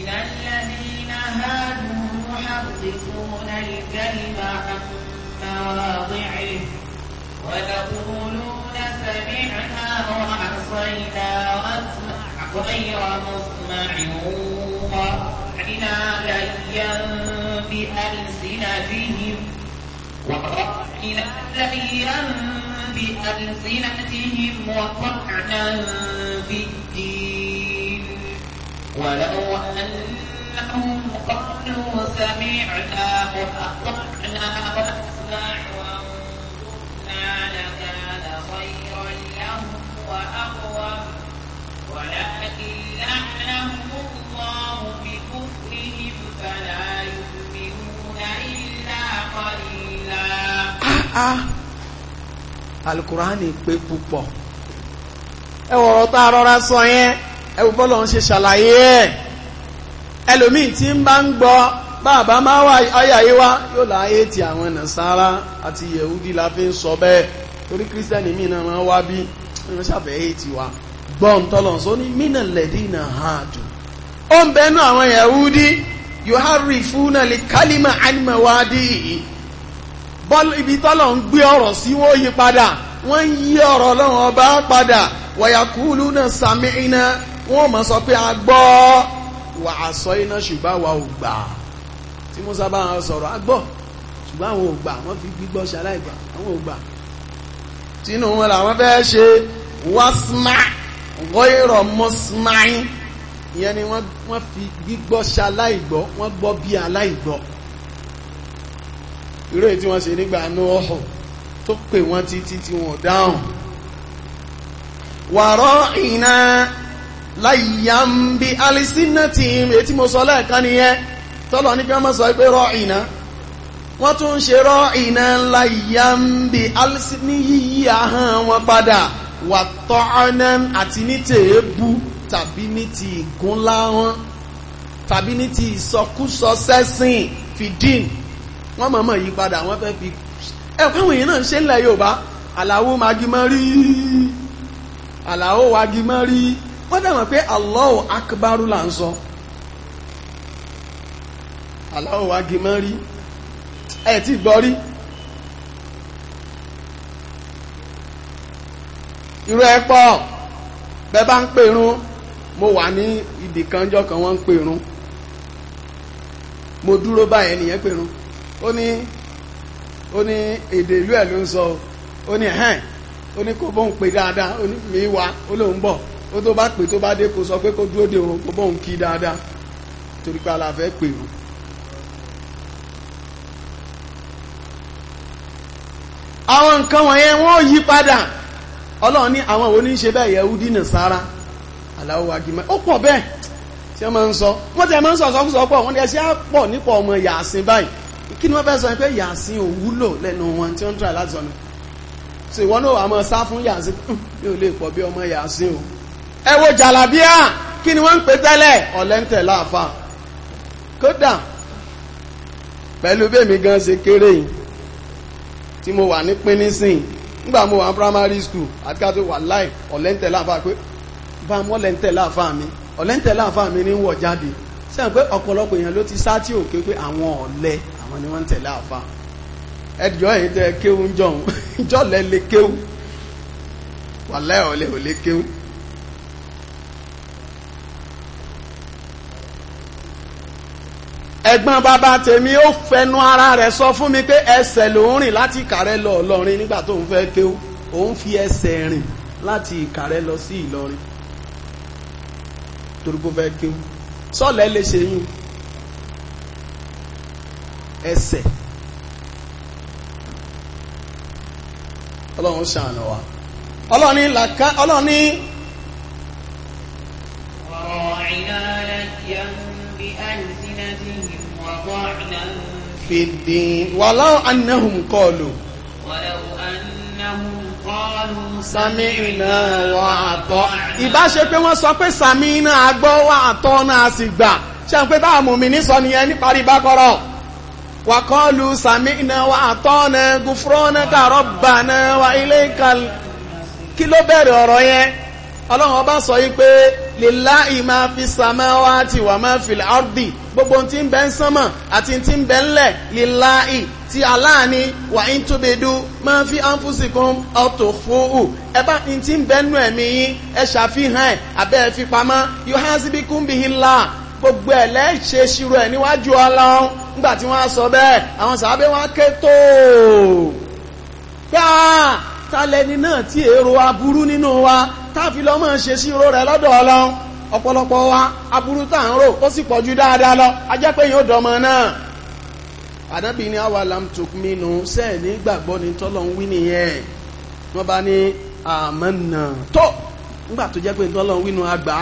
ìlànà ìlànà hàdùn يحرفون الكلم عن مواضعه ويقولون سمعنا وعصينا واسمع غير مسمع وراعنا ليا بألسنتهم وراعنا ليا بألسنتهم وطعنا في الدين ولو أن لهم قالوا سمعنا وأطعنا واسمع وانظرنا لكان خيرا لهم وأقوم ولكن لعنهم الله بكفرهم فلا يؤمنون إلا قليلا alukurani pé púpọ̀ ẹ wọ̀rọ̀ tá a rọra sọ yẹn ẹ wò bọ́lọ̀ ń ṣe ṣàlàyé ẹ̀ ẹlòmíì tí ń bá ń gbọ́ bàbá máa wà ayàyé wa yóò láyé ti àwọn nàṣàrà àti yẹ̀húdí la fi ń sọ bẹ́ẹ̀ torí kírísítẹ́nì míì náà máa wá bí wọ́n ṣàfẹ́ èyí ti wa gbọ́n tọ́lọ̀ sọ ní mínà lẹ́dínà hàdù ó ń bẹ́nu àwọn yẹ̀húdí yóò hárí fún náà lè kálímà ánìmọ̀wádì yìí bọ́ọ̀lù ibi tọ́lọ̀ ń gbé ọ̀rọ̀ sí wọ́n yí padà wọ́n ń yí ọ̀rọ̀ ọlọ́run ọba padà wọ̀yàkúlù náà sàmì wọ́n mọ̀ sọ pé a gbọ́ wà àsọ iná ṣùgbọ́n àwa ò gbà tí Musa bá wọn sọ̀rọ̀ á gbọ́ ṣùgbọ́n àwọn ò gbà wọ́n fi gbígbọ́ ṣe aláìgbà àwọn ò gbà tínú wọn làwọn fẹ́ ṣe wàsímà gọ́ìrọ̀ mọ́símáì ìyẹn ni wọ́n fi gbígbọ́ ṣe aláìgbọ́ wọ́n gbọ́ bí aláìgbọ́ irú èyí tí wọ́n ṣe nígbà Nóòhù tó pè wọ́n títí tí wọ́n dáhùn wàrọ̀ ìná láyà ń bi alisina ti etí mo sọ lẹ́ẹ̀kan nìyẹn tọ́lọ̀ ní kí wọ́n sọ pé rọ ìná wọ́n tún ṣe rọ ìná láyà ń bi alisina yíyí ahọ́n wọn padà wà tọ́ ọ́nán àti ní tèébù tàbí ní ti ìgúnlá wọn tàbí ní ti ìsọkúsọ sẹ́sìn fìdín wọ́n mọ̀ọ́mọ̀ yí padà wọ́n fẹ́ fi ẹ̀ káwọn èèyàn náà ń ṣe ńlẹ̀ Yorùbá àlàó magimọ́ rí àlàó wagimọ́ rí wọ́n dàmọ̀ pé Allahu akbaru là ń sọ Allahu agimọ́ rí ẹ̀ tí gbọ́ irú ẹ mo wà ní kan kan wọ́n ń mo dúró báyìí ẹnìyẹn pè ó ní ó ní èdè ìlú ẹ̀ ló ń sọ ó ní mi wá ó lóun bọ̀ ó tó bá pè tó bá dé kó sọ pé kó dúró de òun kó bóun kí dáadáa torí pé ala fẹ́ pè òun. àwọn nǹkan wọ̀nyẹn wọ́n yí padà ọlọ́run ní àwọn òun ní ṣe bẹ́ẹ̀ Yẹhudi Nasara aláwọ̀ agimẹ́ ó pọ̀ bẹ́ẹ̀ tí wọ́n máa ń sọ wọ́n tẹ̀ máa ń sọ̀sọ́ fún sọ́pọ̀ wọ́n tẹ̀ sí àpọ̀ nípa ọmọ yàásín báyìí kí ni wọ́n fẹ́ sọ pé yàásín ò wúlò lẹ́nu wọn tí wọ́n ń tọ́ àlázọ́nù ṣèwọ́n náà àmọ́ sá fún yàásín hmm, mi ò lè pọ̀ bí ọmọ yàásín o ẹ wo jàlábíà kí ni wọ́n ń pè tẹ́lẹ̀ ọ̀lẹ́ńtẹ̀ láàfà kódà pẹ̀lú bẹ́ẹ̀mí gan ṣe kéré yìí tí mo wà ní pínísìn nígbà mo wà ní primary school àti wà láì ọ̀lẹ́ńtẹ̀ láàfà pé bá mọ́ ọ̀lẹ́ńtẹ̀ láàfà mi ọ̀lẹ́ńtẹ̀ láàfà mi ní wọ̀ jáde sẹ́yìn pé ọ̀pọ̀lọpọ̀ èèyàn ló ti sá tí òkè pé àwọn ọ̀lẹ àwọn ni wọ́n ń tẹ̀lé àfa ẹjọ́ yìí tẹ kéwú ń jọ̀hún [laughs] ìjọ́lẹ̀ lè kéwú wàlẹ́ ọ̀lẹ́ ò lè kéwú ẹ̀gbọ́n bàbá tèmi ó fẹnu ara rẹ̀ sọ fún mi pé ẹsẹ̀ ló ń rìn láti ìkàrẹ́ lọ Ìlọrin nígbà tó ń fẹ́ kéwú òun fi ẹsẹ̀ rìn láti ìkàrẹ́ lọ sí Ìlọrin torí kó fẹ́ kéwú sọ́ọ̀lẹ́ lè ṣe yín ẹsẹ̀ ọlọ́run ṣàánà wa ọlọ́run làkà ọlọ́run ọ̀rọ̀ ìdánilẹ́yẹ̀ ń بألسنتهم وطعنا في الدين ولو أنهم قالوا ولو أنهم قالوا سمعنا وأطعنا ìbá ṣe pé wọ́n sọ pé sàmì iná agbọ́ wà àtọ́ náà sì gbà ṣe ń pé bá àmùmí ní sọ nìyẹn ní parí bákọ́rọ̀ وقالوا سمعنا وأطعنا غفرانك ربنا وإليك kí ló bẹ̀rẹ̀ ọ̀rọ̀ yẹn ọlọ́run ọba sọ yí pé lillahi ma fi ti wa ma fi ardi gbogbo tí ń bẹ ń sánmọ̀ àti tí ń bẹ ń lẹ̀ lillahi ti Allah ni wa in tubidu ma fi anfusikum aw tukhfuhu ẹ bá ní tí ń bẹ nú ẹ̀mí yín ẹ ṣàfihàn ẹ̀ abẹ́ ẹ fi pamọ́ yuhasibikum bihillah gbogbo ẹ̀ lẹ́ẹ̀ṣẹ̀ ṣirò ẹ̀ níwájú ọlọ́run nígbà tí wọ́n á sọ bẹ́ẹ̀ àwọn sàábẹ́ wọn á ké tóó tálẹ́ni náà tí èrò aburú nínú wa táfi lọ máa ṣe sírò rẹ̀ lọ́dọ̀ ọlọ́run ọ̀pọ̀lọpọ̀ wa aburú tá à ń rò ó sì pọ̀jù dáadáa lọ ajẹ́ pé yóò dọmọ náà ànábì ní àwa lamtukminu sẹ́ẹ̀ ní gbàgbọ́ ní tọ́lọ̀ ń wí nìyẹn wọ́n bá ní àmánà tó nígbà tó jẹ́ pé tọ́lọ̀ ń wí nu àgbà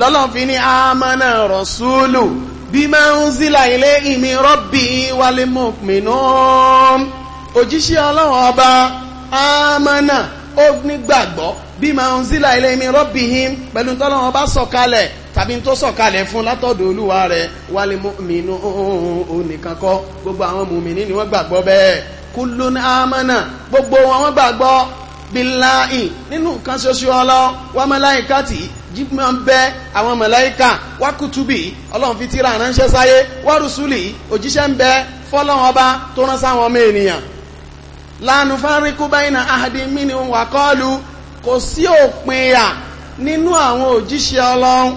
lọ́lọ́n fi ní àmánà rọ̀ṣúlù bima unzila ilayhi min rabbi wal mu'minun òjíṣẹ́ ọlọ́run ọba amánà ó nígbàgbọ́ bí máa ń sílà ilé mi rọ́bìhín pẹ̀lú tọ́lọ́run ọba sọ̀kalẹ̀ tàbí tó sọ̀kalẹ̀ fún látọ̀dọ̀ olúwa rẹ̀ wálé mọ́mìnú onìkan kọ́ gbogbo àwọn mùmìnì ni wọ́n gbàgbọ́ bẹ́ẹ̀ kúlú ní amánà gbogbo wọn wọ́n gbàgbọ́ bíláì nínú nǹkan ṣoṣo ọlọ́ wọ́n mẹ́láìka tì jíma ń bẹ àwọn mẹ̀láíkà wákùtùbì ọlọ́run fi tíra ránṣẹ́ sáyé wárùsùlì òjíṣẹ́ ń bẹ fọ́lọ́run ọba tó rán sáwọn ọmọ ènìyàn lánàá fáríkú báyìí na ahadi mínú wàkọ́ọ̀lù kò sí òpinya nínú àwọn òjíṣẹ́ ọlọ́run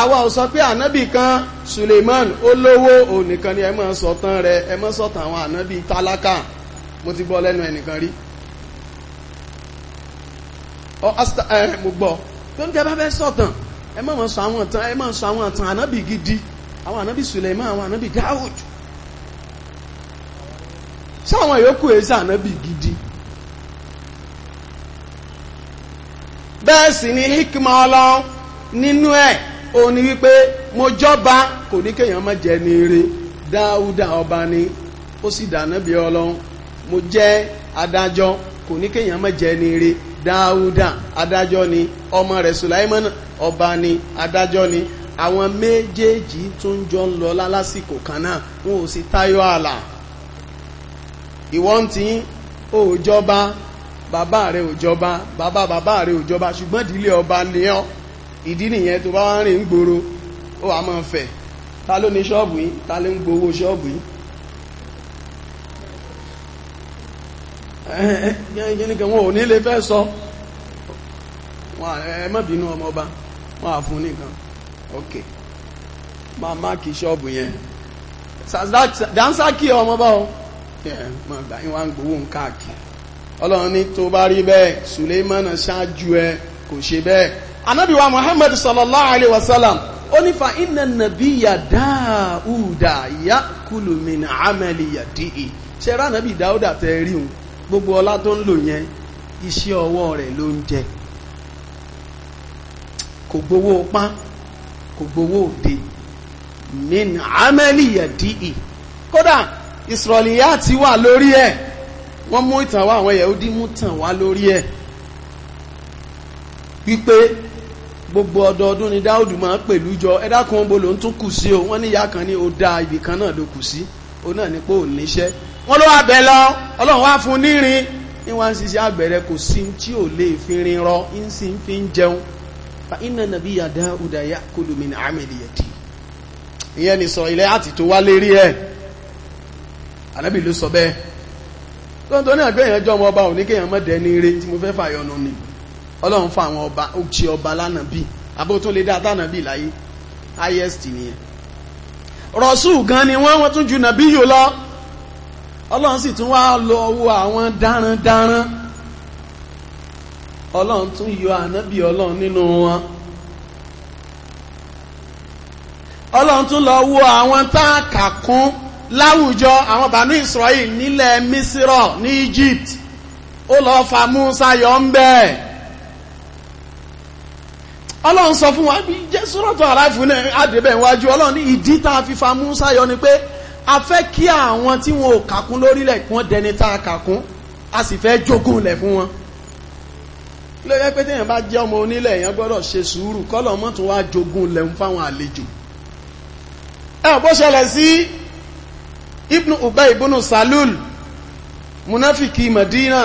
àwa ò pé ànábì kan Suleiman olówó ònìkan ni ẹ máa sọ̀tàn rẹ̀ ẹ máa sọ̀tàn àwọn ànábì tálákà mo ti gbọ́ lẹ́nu ẹnìkan rí mo gbọ́ tó ń tẹ́ bá fẹ́ sọ̀tàn ẹ máa sọ àwọn ìtàn ẹ sọ àwọn ìtàn ànábì gidi àwọn ànábì Suleiman àwọn ànábì Dáúdù sáwọn yòókù èsì ànábì gidi bẹ́ẹ̀ sì ni hikima ọlọ́run nínú ẹ̀ òun ni wípé mo jọba kò ní kéèyàn má jẹ ní eré dáúdà ọba ni ó sì dànábì ọlọ́run mo jẹ́ adájọ́ kò ní kéèyàn má jẹ ní eré dáúdà adájọ́ ni ọmọ rẹ̀ sùláìmọ́n ọba ni adájọ́ ni àwọn méjèèjì tó ń jọ ń lọ lásìkò kan náà wọn ò sì tayọ ààlà ìwọ́n ti òjọba bàbá rẹ̀ òjọba bàbá bàbá rẹ̀ òjọba ṣùgbọ́n ìdílé ọba ni ọ́ ìdí nìyẹn tó bá wá rìn ń gbòòrò ó wà máa fẹ̀ ta ló ní ṣọ́ọ̀bù yìí ta ló ń gbowó ṣọ́ọ̀bù yìí ẹ̀ẹ́gẹ́gẹ́ wọn ò nílé fẹ́ sọ wọn ẹ̀mọ́bìnú ọmọọba wọn àfún nìkan ok máa máàkì ṣọ́ọ̀bù yẹn dáńsákì ọmọọba o tẹ̀ mọ́ gbà yín wá ń gbowó ń káàkiri ọlọ́run ní tó bá rí bẹ́ẹ̀ Sùlẹ́mánà Muhammad sallallahu alayhi wa sallam ó ní fa iná nàbí yàdáúdà yàkùlù min amẹ́lì yàdíì ṣe rá nàbí dáúdà tẹ́ rí un gbogbo ọlá tó ń lò yẹn iṣẹ́ ọwọ́ rẹ̀ ló ń jẹ kò gbowó pán kò gbowó òde min amẹ́lì yàdíì kódà ìsọ̀rọ̀lìyà ti wà lórí ẹ̀ wọ́n mú ìtàn wá àwọn Yẹhudi mú tàn wá lórí ẹ̀ wípé gbogbo ọdọọdún ni Dáúdù máa ń pẹ̀lú jọ ẹ dákun bo ló ń tún kù sí o wọ́n ní ìyá kan ní o da ibì kan náà ló kù sí o náà ní pé ò níṣẹ́ wọ́n ló wá bẹ̀ lọ Ọlọ́run wá fún nírin ní wọ́n á ṣiṣẹ́ àgbẹ̀rẹ̀ kò sí tí ò lè fi rin rọ ń sì ń fi ń jẹun inna nabiyya Dáúdà ya'kulu min amali yadihi ìyẹn ni sọ ilẹ̀ àti wá lérí ẹ̀ ànábì ló sọ bẹ́ẹ̀ lọ́ntọ́ ní àgbẹ̀yìn ẹjọ́ ọmọ ọba òní kéèyàn mọ́dẹ ní eré tí mo fẹ́ fàyọnu ni ọlọ́run fún àwọn ọba ó ṣe ọba lánàá bíi abótún lè dáadáa nàbí láyé highest nìyẹn rọ̀ṣù gan ni wọ́n wọ́n tún ju nàbí yò lọ ọlọ́run sì tún wá lọ wo àwọn darandaran ọlọ́run tún yọ ànábì ọlọ́run nínú wọn ọlọ́run tún lọ wo àwọn tá a kà kún láwùjọ àwọn bànú Israel nílẹ̀ Misiro ní Egypt ó lọ fa Musa yọ ń bẹ́ẹ̀ ọlọ́run sọ fún wa bí jésùrọ̀tọ̀ aláìfún náà àdébẹ̀ iwájú ọlọ́run ní ìdí tá a fi fa Musa yọ ni pé a fẹ́ kí àwọn tí wọn ò kàkún lórílẹ̀ kí wọ́n dẹni tá a kàkún a sì fẹ́ jogún lẹ̀ fún wọn ló yẹ pé téèyàn bá jẹ́ ọmọ onílẹ̀ èèyàn gbọ́dọ̀ ṣe sùúrù kọ́lọ̀ mọ́ tó wá jogún lẹ̀ ń fáwọn àlejò ẹ bó ṣẹlẹ̀ sí ibnu ubay ibnu salul munafiki madina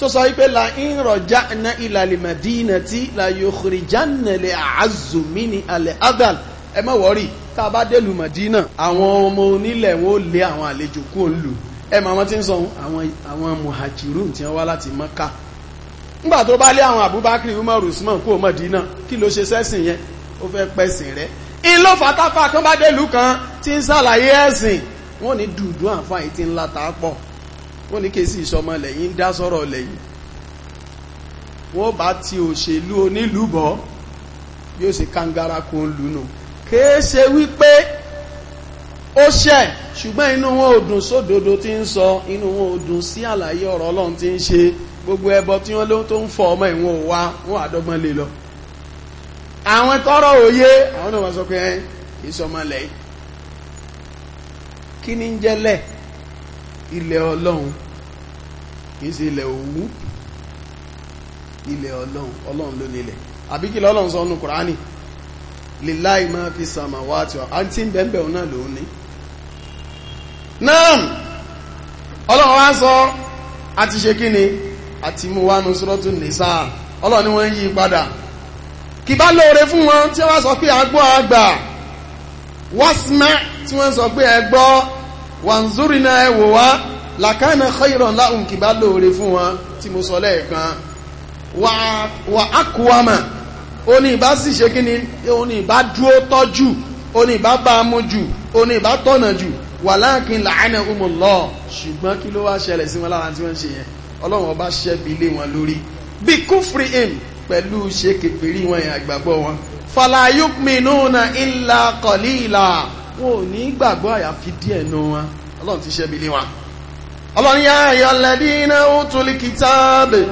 tó sọ wípé la in raja'na ila li madinati la yukhrijanna li a'azzu mini al adal ẹ má wọ́rì tá a bá délùú madina àwọn ọmọ onílẹ̀ wọn ó lé àwọn àlejò kó ń lù ẹ mọ̀ àwọn tí ń sọ àwọn àwọn muhajirun tí wọ́n wá láti mọ́ká nígbà tó bá lé abubakar umar usman kó madina kí ló ṣe sẹ́sìn yẹn ó fẹ́ pẹ̀sìn rẹ̀ in ló fatáfà kan bá délùú kan tí ń ṣàlàyé wọ́n ní dùdú àǹfààní tí ń láta pọ̀ wọ́n ní kéèsì ìṣọmọ lẹ́yìn ń dá sọ́rọ̀ lẹ́yìn wọ́n bá ti òṣèlú onílùú bọ́ bí ó ṣe kangara kò ń lùnú kéèṣe wípé ó ṣẹ̀ ṣùgbọ́n inú wọn ò dùn sódodo tí ń sọ inú wọn ò dùn sí àlàyé ọ̀rọ̀ ọlọ́run tí ń ṣe gbogbo ẹbọ tí wọ́n ló tó ń fọ ọmọ ìwọ̀n wa wọ́n àdọ́gbọ́n lè lọ àwọn tọ́rọ̀ òye àwọn náà wọ́n sọ pé ẹ kìí sọ ọmọ kí ní jẹ́lẹ̀ ilẹ̀ ọlọ́run kìí ṣe ilẹ̀ òwú ilẹ̀ ọlọ́run ọlọ́run ló nílẹ̀ àbí kí lọ́lọ́run kùránì lillahi ma fi samawati wa àti bẹ́ẹ̀bẹ̀ náà ló ní náà ọlọ́run wá sọ àti ṣe kí ni àti mú wá nù sọ́rọ́tún nìsá ọlọ́run ni wọ́n yí padà kì bá lóore fún wọn tí wọ́n sọ pé agbó àgbà wọ́n smẹ́ tí wọ́n sọ pé ẹgbọ́ wàǹzúrìnà ẹwò wá làkánà khayran láhùn kì bá lóore fún wọn tí mo sọ lẹ́ẹ̀kan wà ákùwàmà ó ní ìbá sì ṣe kí ni ó ní ìbá dúó tọ́jú ó ní ìbá bá mú jù ó ní ìbá tọ̀nà jù walakin la'anahumullah ṣùgbọ́n kí ló wá ṣẹlẹ̀ sí wọn lára tí wọ́n ṣe yẹn ọlọ́run ọba ṣẹ́bi lé wọn lórí bí kúfìrí im pẹ̀lú ṣe kèfèrí wọn yẹn àgbàgbọ́ wọn fala yu'minuna illa qalila wọn ò ní gbàgbọ́ àyàfi díẹ̀ nù wọn ọlọ́run ti ṣẹ́bi lé wọn ọlọ́run yá ayọ̀lẹ́dínà ó tún lè kìtàbẹ̀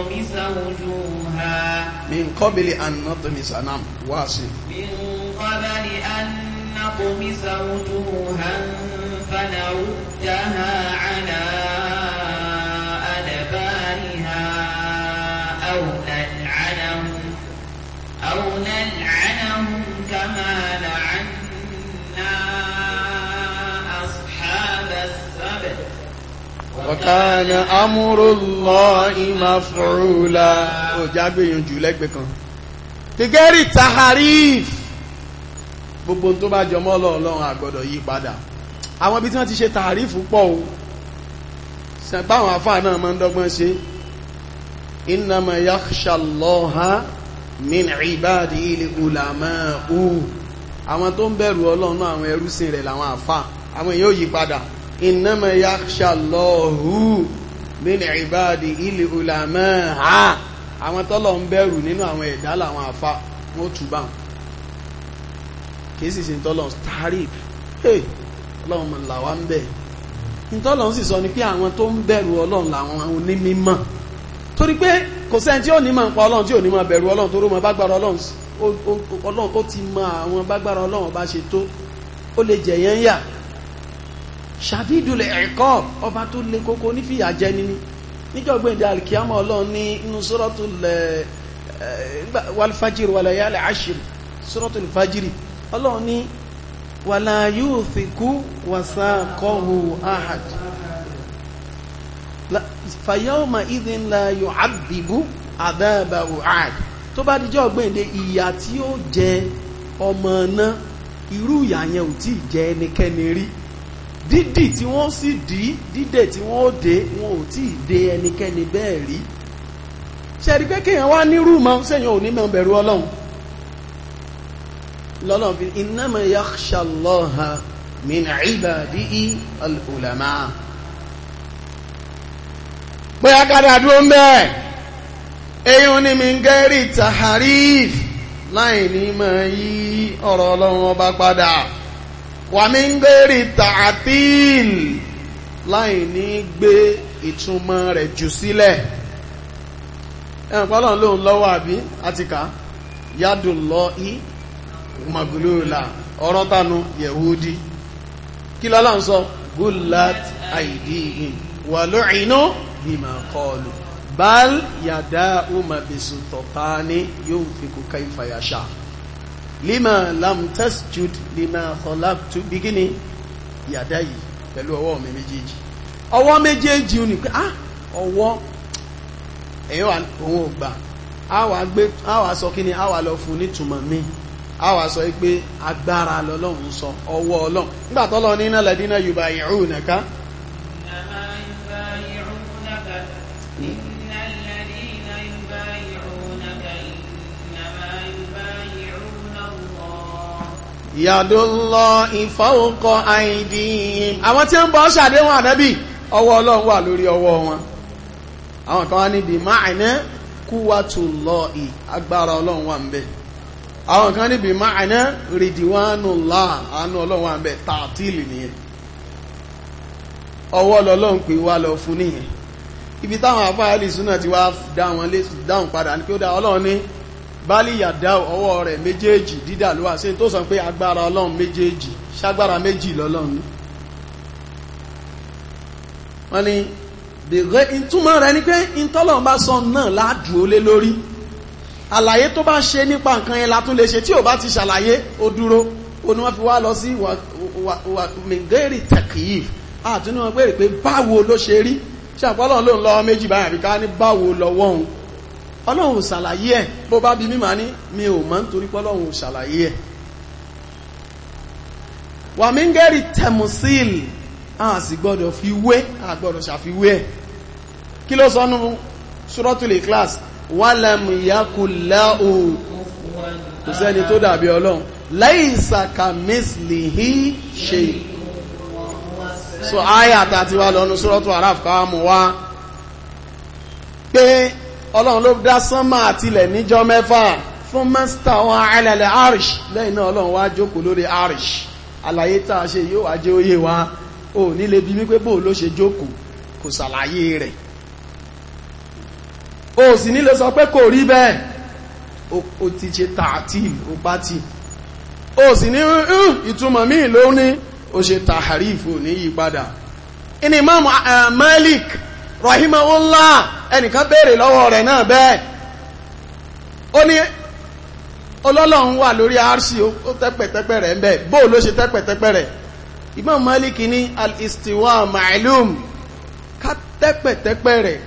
نطمس وجوها من قبل أن نطمس نعم واسع من قبل أن نطمس وجوها فنردها على أدبارها أو نلعنهم أو نلعنهم wọ̀kánà amúrúlọ́ ìmáfúrúlá òjágbéyànjú lẹ́gbẹ̀ẹ́ kan tìgẹ́rì taharif gbogbo tó bá jọmọ́ lọ́ọ̀lọ́run àgbọ̀dọ̀ yí padà àwọn ibi tí wọ́n ti ṣe taharif pọ̀ o sẹ̀páwọn afáà náà máa ń dọ́gbọ́n ṣe innama yakhshallaha min ibadi il ulama'u àwọn tó ń bẹ̀rù ọlọ́run àwọn ẹrúsìn rẹ̀ làwọn àfáà àwọn èèyàn yí padà innama yakhsha Allahu min ibadihi al-ulama ha àwọn tọ́lọ̀ ń bẹ̀rù nínú àwọn ẹ̀dá làwọn àfa wọn tù bá wọn kì í sì ṣe tọ́lọ̀ starib ọlọ́run mọ̀ làwa ń bẹ̀ ntọ́lọ̀ sì sọ ni pé àwọn tó ń bẹ̀rù ọlọ́run làwọn onímọ̀ torí pé kò sẹ́ni tí ò ní mọ̀ nípa ọlọ́run tí ò ní mọ̀ bẹ̀rù ọlọ́run tó rò mọ̀ bágbára ọlọ́run ó ti mọ àwọn bágbára ọlọ́run bá ṣe tó ó lè jẹ̀yẹ́ ń yà ṣàdídùlẹ̀ ẹ̀kọ́ ọba tó le kókó nífìyà jẹ nínú níjọ́gbọ́n ìdá alìkíyàmọ́ ọlọ́run ní inú suratul eh, eh, walfajiri walayali ashir suratul fajiri ọlọ́run ní wàlá yuuthiku wasaqahu ahad fayọ́mà idhin dídì tí wọ́n sì dì dídè tí wọ́n dé wọn ò tí ì dé ẹnikẹ́ni bẹ́ẹ̀ rí ṣẹ̀rí pé kéèyàn wá nírú mọ́ sẹ́yìn ò ní bẹ̀rù ọlọ́run lọ́lọ́run fi innama yakhsha Allaha min ibadihi al-ulama bóyá kádà dúró ń bẹ́ẹ̀ eyín ní mi ń gẹ́rì taharif láì ní mọ̀ yí ọ̀rọ̀ ọlọ́run ọba padà wà mí ń gbèrè tààtìl láì ní gbé ìtumọ̀ rẹ̀ jù sílẹ̀ ẹ̀rùn pọ́lọ̀ lóun lọ́wọ́ àbí àtìkà yádùn lọ í magulula ọ̀rọ̀ tánu yẹ̀húdí kí lọ́lá ń sọ gullat aidihim wà lóìnú bima qalu bal yàdá umabisu tọ̀tání yóò fi kò káìfàyàṣà lima lam tasjud lima khalaqtu bikini yàdá yìí pẹ̀lú ọwọ́ mi méjèèjì ọwọ́ méjèèjì ò ní pé ah ọwọ́ ẹ̀yọ́ òun ò gbà a wà sọ kí ni a wà lọ fún nítumọ̀ mi a wà sọ pé agbára lọ́lọ́run sọ ọwọ́ ọlọ́run nígbà tọ́lọ́ ní innal ladina yubayi'unaka yàdúlọ ìfọwọ́kọ àìdíyìn àwọn tí ó ń bọ́ ṣàdéhùn ànábì ọwọ́ ọlọ́run wà lórí ọwọ́ wọn àwọn kan wá níbi máàní kúwàtúlọ ì agbára ọlọ́run wà ń àwọn kan níbi àánú ọlọ́run wà ń tààtìlì nìyẹn ọwọ́ ọlọ́run pè wá lọ fún nìyẹn ibi táwọn afáàlì ti wá dáhùn padà ó dá ọlọ́run ní bali yàdá ọwọ́ rẹ̀ méjèèjì dídà ló wà sí tó sọ pé agbára ọlọ́run méjèèjì ṣágbára méjì lọ́lọ́run wọ́n ní bẹ̀rẹ̀ ìtumọ̀ rẹ̀ ni pé ìtọ́lọ́run bá sọ náà ládùú ó lé lórí àlàyé tó bá ṣe nípa nǹkan yẹn látún lè ṣe tí ò bá ti ṣàlàyé ó dúró ó ní wọ́n fi wá lọ sí mingeri tekif àtúnú wọn pé báwo ló ṣe rí ṣàpọ́lọ́ ló ń lọ méjì báyìí àbíká ní báwo lọ́wọ́ òun ọlọ́run ṣàlàyé ẹ̀ bó bá bí mímọ̀ ní mi ò mọ̀ nítorí pé ọlọ́run ṣàlàyé ẹ̀ wà mí ń gẹ́rì tẹ̀mùsíl a sì gbọ́dọ̀ fi wé a gbọ́dọ̀ ṣàfiwé ẹ̀ kí ló sọ nú class wàlẹ̀mù ìyákùlá o kò sẹ́ni tó dàbí ọlọ́run lẹ́yìn so ayat àti wà lọ́nu ṣúrọ́tù aráf káwàmù pé ọlọ́run ló dá sánmà àtilẹ̀ níjọ́ mẹ́fà fún mẹ́sítà wọn alẹ́lẹ̀ arish lẹ́yìn náà ọlọ́run wá jókòó lórí arish àlàyé tá a ṣe yóò wá jẹ́ òye wa ò nílé bí wípé bóò ló ṣe jókòó kò ṣàlàyé rẹ̀ o sì nílé sọ pé kò rí bẹ́ẹ̀ o ti ṣe tààtì o bá ti o sì ní ìtumọ̀ míì ló o ṣe tààrífò ní yípadà ìní Imam eh, Malik rahimahullah ẹnìkan béèrè lọ́wọ́ rẹ̀ náà bẹ́ẹ̀ ó ní ọlọ́lọ́run wà lórí arṣi ó tẹ́pẹ̀tẹ́pẹ̀ rẹ̀ ń bẹ bóò ló ṣe tẹ́pẹ̀tẹ́pẹ̀ rẹ̀ Imam Maliki ní al-istiwa ma'lum ká tẹ́pẹ̀tẹ́pẹ̀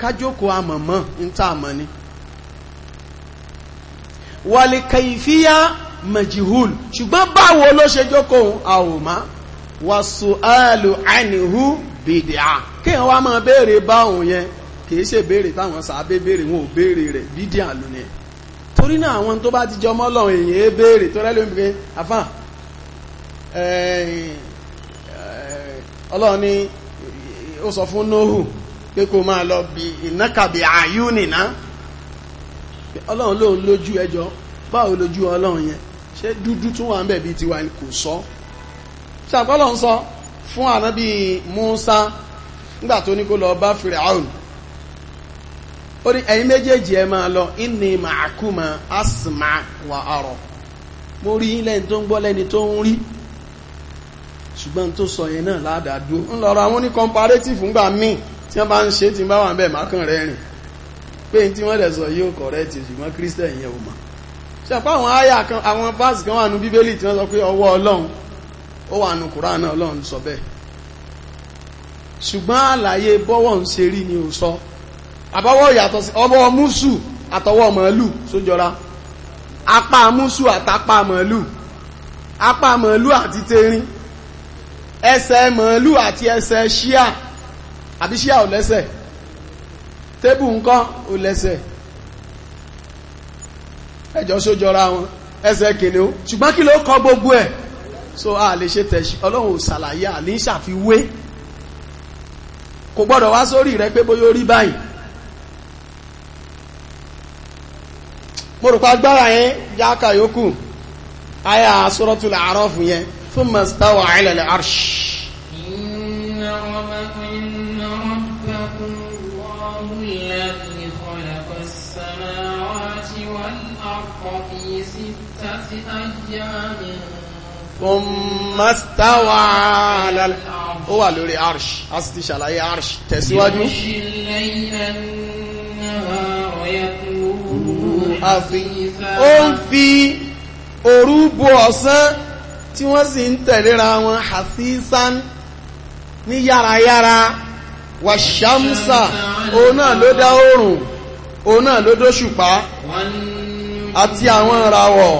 kéèyàn wá máa béèrè bá báwọn yẹn kì í ṣe béèrè táwọn sàábé béèrè wọn ò béèrè rẹ̀ dídí àlù ni torí náà àwọn tó bá ti jọ mọ́ lọ́rùn èèyàn é béèrè tó rẹ́lẹ́ òmìnira àfà ọlọ́run ni ó sọ fún nóhù pé kó máa lọ bí ìnákàbí àyúnìná ọlọ́run lóun lójú ẹjọ́ báwo lójú ọlọ́run yẹn ṣé dúdú tún wà ń bẹ̀ bí tiwa kò sọ ṣàpọ́lọ́ ń sọ fún ànábì Musa nígbà tó ní kó lọ bá Firaun ó ní ẹ̀yin méjèèjì ẹ máa lọ inni ma'akuma asma wa ara mo rí yín lẹ́ni tó ń gbọ́ lẹ́ni tó ń rí ṣùgbọ́n tó sọ yẹn náà ládàádó ń lọ́rọ̀ àwọn ní comparative ńgbà míì tí wọ́n bá ń ṣe tí ń bá wà bẹ́ẹ̀ mákàn rẹ̀ rìn pé tí wọ́n lẹ̀ sọ yóò correct ṣùgbọ́n Christian yẹn ò mọ̀ ṣàpá àwọn àyà kan àwọn verse kan wà nù bíbélì tí wọ́n sọ pé ọwọ́ Ọlọ́run ó wà nù Kùránì Ọlọ́run sọ bẹ́ẹ̀ ṣùgbọ́n àlàyé bọ́wọ̀ ń ṣe rí ni ò sọ àbáwọ̀ yàtọ̀ sí ọwọ́ músù àtọwọ́ màálù sójọra apá músù àtapá màálù apá màálù àti tẹrin ẹsẹ̀ màálù àti ẹsẹ̀ ṣíà àbí ṣíà ò lẹ́sẹ̀ tébù ńkọ́ ò lẹ́sẹ̀ ẹjọ́ sójọra wọn ẹsẹ̀ kìnnì ṣùgbọ́n kí ló kọ gbogbo ẹ̀ so a lè ṣe tẹ̀sí ọlọ́run ò ṣàlàyé à ní ṣàfiwé kò gbọ́dọ̀ wá sórí rẹ pé bóyá ó rí báyìí mo rò pa agbára yẹn já ka yòókù aya suratul A'raf yẹn thumma istawa 'ala al-'arsh fúnmọ́sítáwà alálẹ́ ó wà lórí arṣ a sì ti ṣàlàyé arṣ tẹ̀síwájú ó ń fi òru bo ọ̀sán tí wọ́n sì ń tẹ̀léra wọn hasisan ní yárayára wàṣámsà òun náà ló dá oòrùn òun náà ló dóṣùpá àti àwọn ìràwọ̀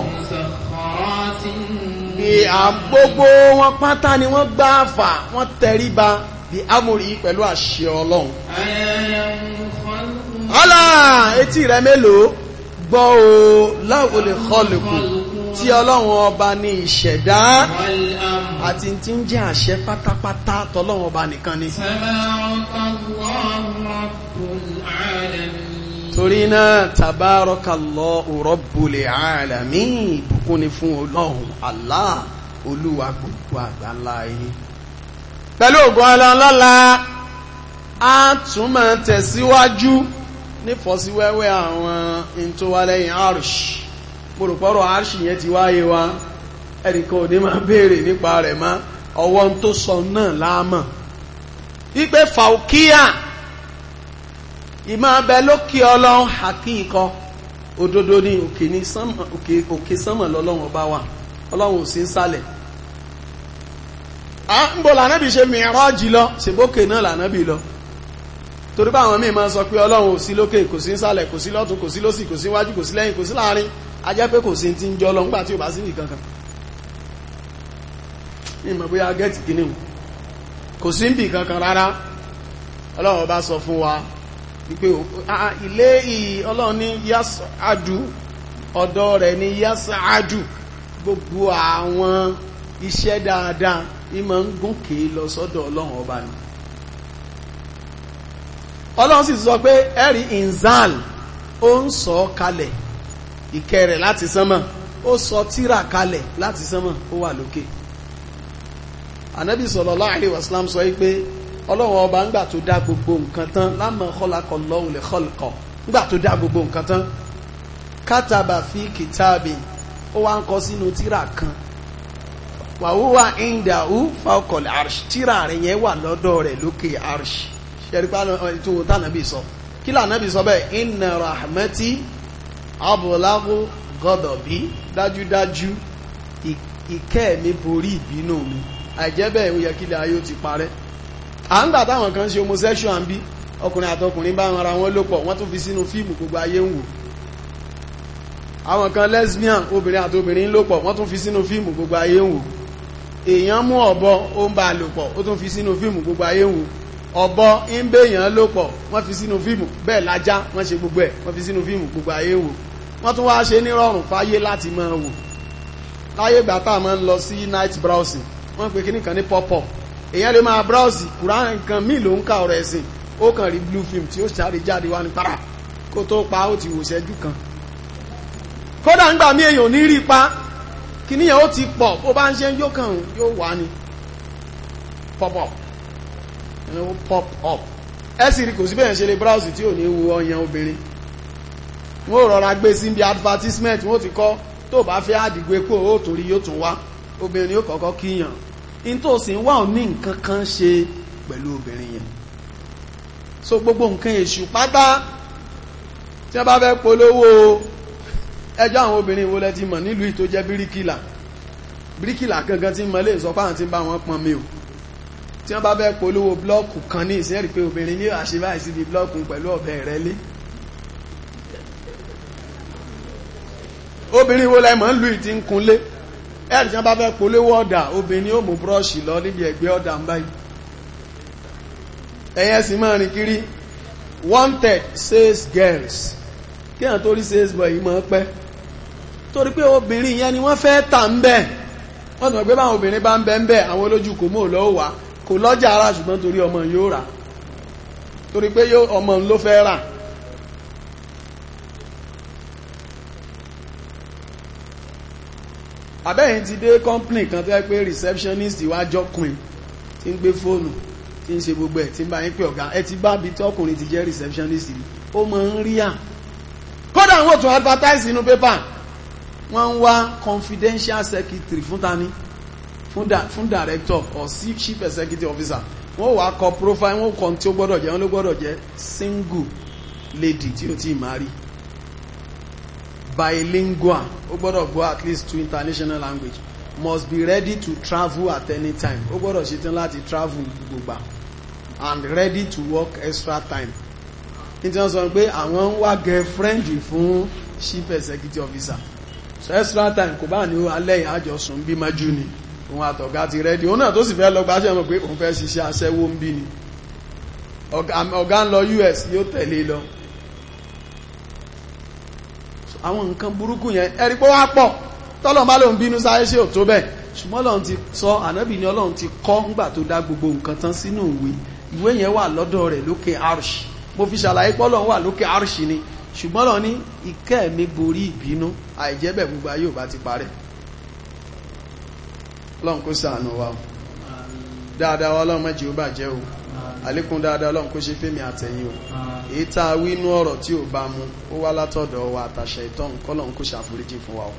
ni à ń gbogbo wọn pátá ni wọ́n gbá àfà wọ́n tẹríba bí amòrí pẹ̀lú àṣẹ ọlọ́run. ọlá etí rẹ mélòó gbọ́ o láwo lè kọlùkù tí ọlọ́run ọba ní ìṣẹ̀dá àti tí ń jẹ́ àṣẹ pátápátá tọ́lọ́run ọba nìkan ni torí náà tabarakallahu rabbul alamin ìbùkún ni fún ọlọ́run Allah olúwa gbogbo àgbàlá ayé pẹ̀lú ògùn ọlọ́lọ́la a tún máa tẹ̀síwájú nífọ̀síwẹ́wẹ́ àwọn ìntòwálẹ́yìn arsh pòròpọ̀rọ̀ arsh yẹn ti wáyé wa ẹnìkan ò máa béèrè nípa rẹ̀ mọ́ ọwọ́ tó sọ náà láàmọ̀ wípé fàókíyà ìmọ̀ abẹ lókè ọlọ́run àkíkọ òdodo ní òkè ní òkè sánmọ̀ lọ́lọ́run ọba wà ọlọ́run ò sí ń sálẹ̀ à ń bọ̀ lànàbì ṣe mìíràjì lọ ṣèbókè náà lànàbì lọ torí bá àwọn míì máa sọ pé ọlọ́run ò sí lókè kò sí ń sálẹ̀ kò sí lọ́tún kò sí lósì kò sí wájú kò sí lẹ́yìn kò sí láàrin a pé kò sí ti ń jọ lọ nígbà tí ò bá sí nìkan kan ìmọ̀ bóyá gẹ́ẹ̀tì kìíní kò sí ń bì kankan rárá ọlọ́run ọba sọ fún wa wípé ilé ìyí ọlọ́run ní yásàájú ọ̀dọ̀ rẹ̀ ní yásàájú gbogbo àwọn iṣẹ́ dáadáa ìmọ̀ ń gòkè lọ sọ́dọ̀ ọlọ́run ọba ni ọlọ́run sì sọ pé ẹ̀rí inzal ó ń sọ kalẹ̀ ìkẹ́ rẹ̀ láti sánmọ̀ ó sọ tírà kalẹ̀ láti sánmọ̀ ó wà lókè ànábì sallallahu alaihi wasallam sọ wípé ọlọ́run ọba ńgbà tó dá gbogbo nǹkan tán lámà kọ́lákọ̀ lọ́hùn lè kọ́lùkọ̀ ńgbà tó dá gbogbo nǹkan tán kátàbà fi kìtàbì ó wá ń kọ sínú tírà kan wàhùwà ìndàhù fàkọ̀lẹ̀ arṣ tírà rẹ̀ yẹn wà lọ́dọ̀ rẹ̀ lókè arṣ ṣẹ̀rípa ètò tànàbì sọ kí lànàbì sọ bẹ́ẹ̀ inna rahmati abulago gọdọ̀bí dájúdájú ìkẹ́ mi borí ìbínú mi àìjẹ́ bẹ́ẹ̀ ó yẹ kí ilẹ̀ ayé ó ti parẹ́ a ń gbà táwọn kan ṣe homosexual ń bí ọkùnrin àtọkùnrin bá ara wọn lò wọn wọ́n tún fi sínú fíìmù gbogbo ayé ń wò àwọn kan lesbian obìnrin àtobìnrin lò pọ̀ wọ́n fi sínú fíìmù gbogbo ayé ń wò èèyàn mú ọ̀bọ ó ń bá fi sínú fíìmù gbogbo ayé ń wò ọ̀bọ ń béèyàn wọ́n fi sínú fíìmù gbogbo ẹ̀ wọ́n fi sínú gbogbo ayé ń wò wọ́n tún wá ṣe nírọ̀rùn fáyé láti máa wò láyé èyàn lè máa browse kùránì nǹkan míì ló ń ka ọ̀rọ̀ ẹ̀sìn ó kàn rí blue film tí ó sáré jáde wá ní para kó tó pa ó ti wò ṣẹ́jú kan kódà ńgbà mí èèyàn ní rí pa kí níyàn ó ti pọ̀ bó bá ń ṣe yóò kàn yóò wá ni pop up ó pop up ẹ sì rí kò sí bẹ́ẹ̀ ṣe lè browse tí ò ní wo ọyàn obìnrin wọ́n rọra gbé sí ibi advertisement wọ́n ti kọ́ tó bá fẹ́ àdìgbé kó o torí yóò tún wá obìnrin yóò kọ́kọ́ kíyàn in tó sì ń wá òní nǹkan kan ṣe pẹ̀lú obìnrin yẹn so gbogbo nǹkan èṣù pátá tí wọ́n bá fẹ́ polówó ẹjọ́ àwọn obìnrin wo lẹ ti mọ̀ nílùú tó jẹ́ bíríkìlà bíríkìlà gangan tí mọ̀ lè sọ pé àwọn tí ń bá wọn pọn mi o tí wọ́n bá fẹ́ polówó blọ́ọ̀kù kan ní ìsìn ẹ̀rí pé obìnrin ní àṣebáyé síbi blọ́ọ̀kù pẹ̀lú ọ̀bẹ ìrẹ́lé obìnrin wo lẹ mọ̀ ń lu ìtí ń kunlé ẹ̀rì tí wọ́n bá fẹ́ polówó ọ̀dà obìnrin ó mú búrọ́ọ̀ṣì lọ níbi ẹ̀gbẹ́ ọ̀dà ń báyìí ẹ̀yẹ́ sì máa rìn kiri wanted sales girls kí àwọn torí sales boy yìí máa pẹ́ torí pé obìnrin yẹn ni wọ́n fẹ́ tà ń bẹ̀ wọ́n tún mọ̀ pé báwọn obìnrin bá ń bẹ́ ń bẹ́ àwọn olójú kò mọ̀ lọ́wọ́ wá kò lọ́jà ara ṣùgbọ́n torí ọmọ yóò rà torí pé ọmọ ló fẹ́ rà àbẹ́yìn ti dé company kan tó yẹ pé receptionist wá jọkùnrin tí ń gbé fóònù tí ń ṣe gbogbo ẹ̀ tí ń bá yín pé ọ̀gá ẹ ti bá bi tọkùnrin ti jẹ́ receptionist rí ó máa ń rí à kódà wọn ò tún advertise inú pépà wọ́n ń wá confidential secretary fún tani fún director or chief executive officer wọ́n wá kọ profile wọ́n kọ tí ó gbọ́dọ̀ jẹ́ wọ́n ló gbọ́dọ̀ jẹ́ single lady tí ó ti máa rí bilingual ó gbọ́dọ̀ gbọ́ at least two international language must be ready to travel at any time ó gbọ́dọ̀ ṣetán láti travel gbogbo and ready to work extra time nítorí sọ pé àwọn ń wá girlfriend fún chief executive officer so extra time kò bá ní alẹ́ ìhájọsùn bí májú ni òun àtọ̀gá ti rẹ́dí òun náà tó sì fẹ́ lọ gbáṣẹ́ mọ̀ pé òun fẹ́ ṣiṣẹ́ aṣẹ́wó ń bí ni ọ̀gá ń lọ US yóò tẹ̀lé lọ àwọn nǹkan burúkú yẹn ẹ̀rí pé wá pọ̀ tọ́lọ́n bá lóun bínú sáyé ṣe ò tó bẹ́ẹ̀ ṣùgbọ́n ọlọ́run ti sọ ànábì ni ọlọ́run ti kọ́ ńgbà tó dá gbogbo nǹkan tán sínú ìwé ìwé yẹn wà lọ́dọ̀ rẹ̀ lókè arṣì mo fi ṣàlàyé pé wà lókè arṣì ni ṣùgbọ́n ọlọ́run ní ìkẹ́ mi borí ìbínú àìjẹ́bẹ̀ gbogbo ayé ò bá ti parẹ́ ọlọ́run kó ṣàánú wa dáadáa ọlọ́run má jẹ́ ó bàjẹ́ o àlékún dáadáa ọlọ́run kó ṣe fẹ́mi àtẹ̀yìn o èyí tá a wí inú ọ̀rọ̀ tí ò bá mu ó wá látọ̀dọ̀ wa àtàṣà ìtọ́n kọ́lọ́run kó ṣàforíjì fún wa o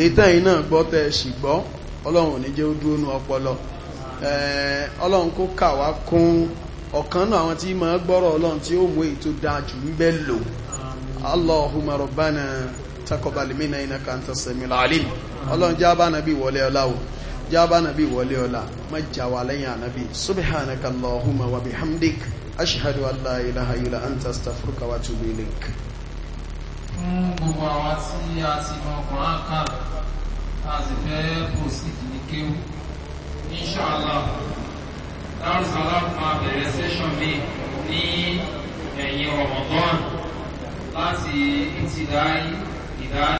èyí tẹ̀yìn náà gbọ́ tẹ́ ẹ sì gbọ́ ọlọ́run ò ní jẹ́ ó dúró nu ọpọlọ ọlọ́run kó kà wá kún ọ̀kan náà àwọn tí máa gbọ́rọ̀ ọlọ́run tí ó mú èyí tó dáa jù ń bẹ́ lò Allahumma rabbana taqabbal minna innaka antas samiul alim ọlọ́run jábá nàbí wọlé ọláwọ̀ jábá nàbí wọlé ọlá mọ́jáwà lẹ́yìn ànábí subhanaka allahumma wa bihamdik ashhadu an la ilaha illa anta astaghfiruka wa atubu ilaik fún gbogbo àwọn tí a ti mọ ọkùnrin ká a sì fẹ́ kò sí kìí kéwù inṣàlá dárúsálà máa bẹ̀rẹ̀ sẹ́ṣọ̀n mi ní ẹ̀yìn ọ̀mọ̀gán láti ìtìdáyì ìdáyì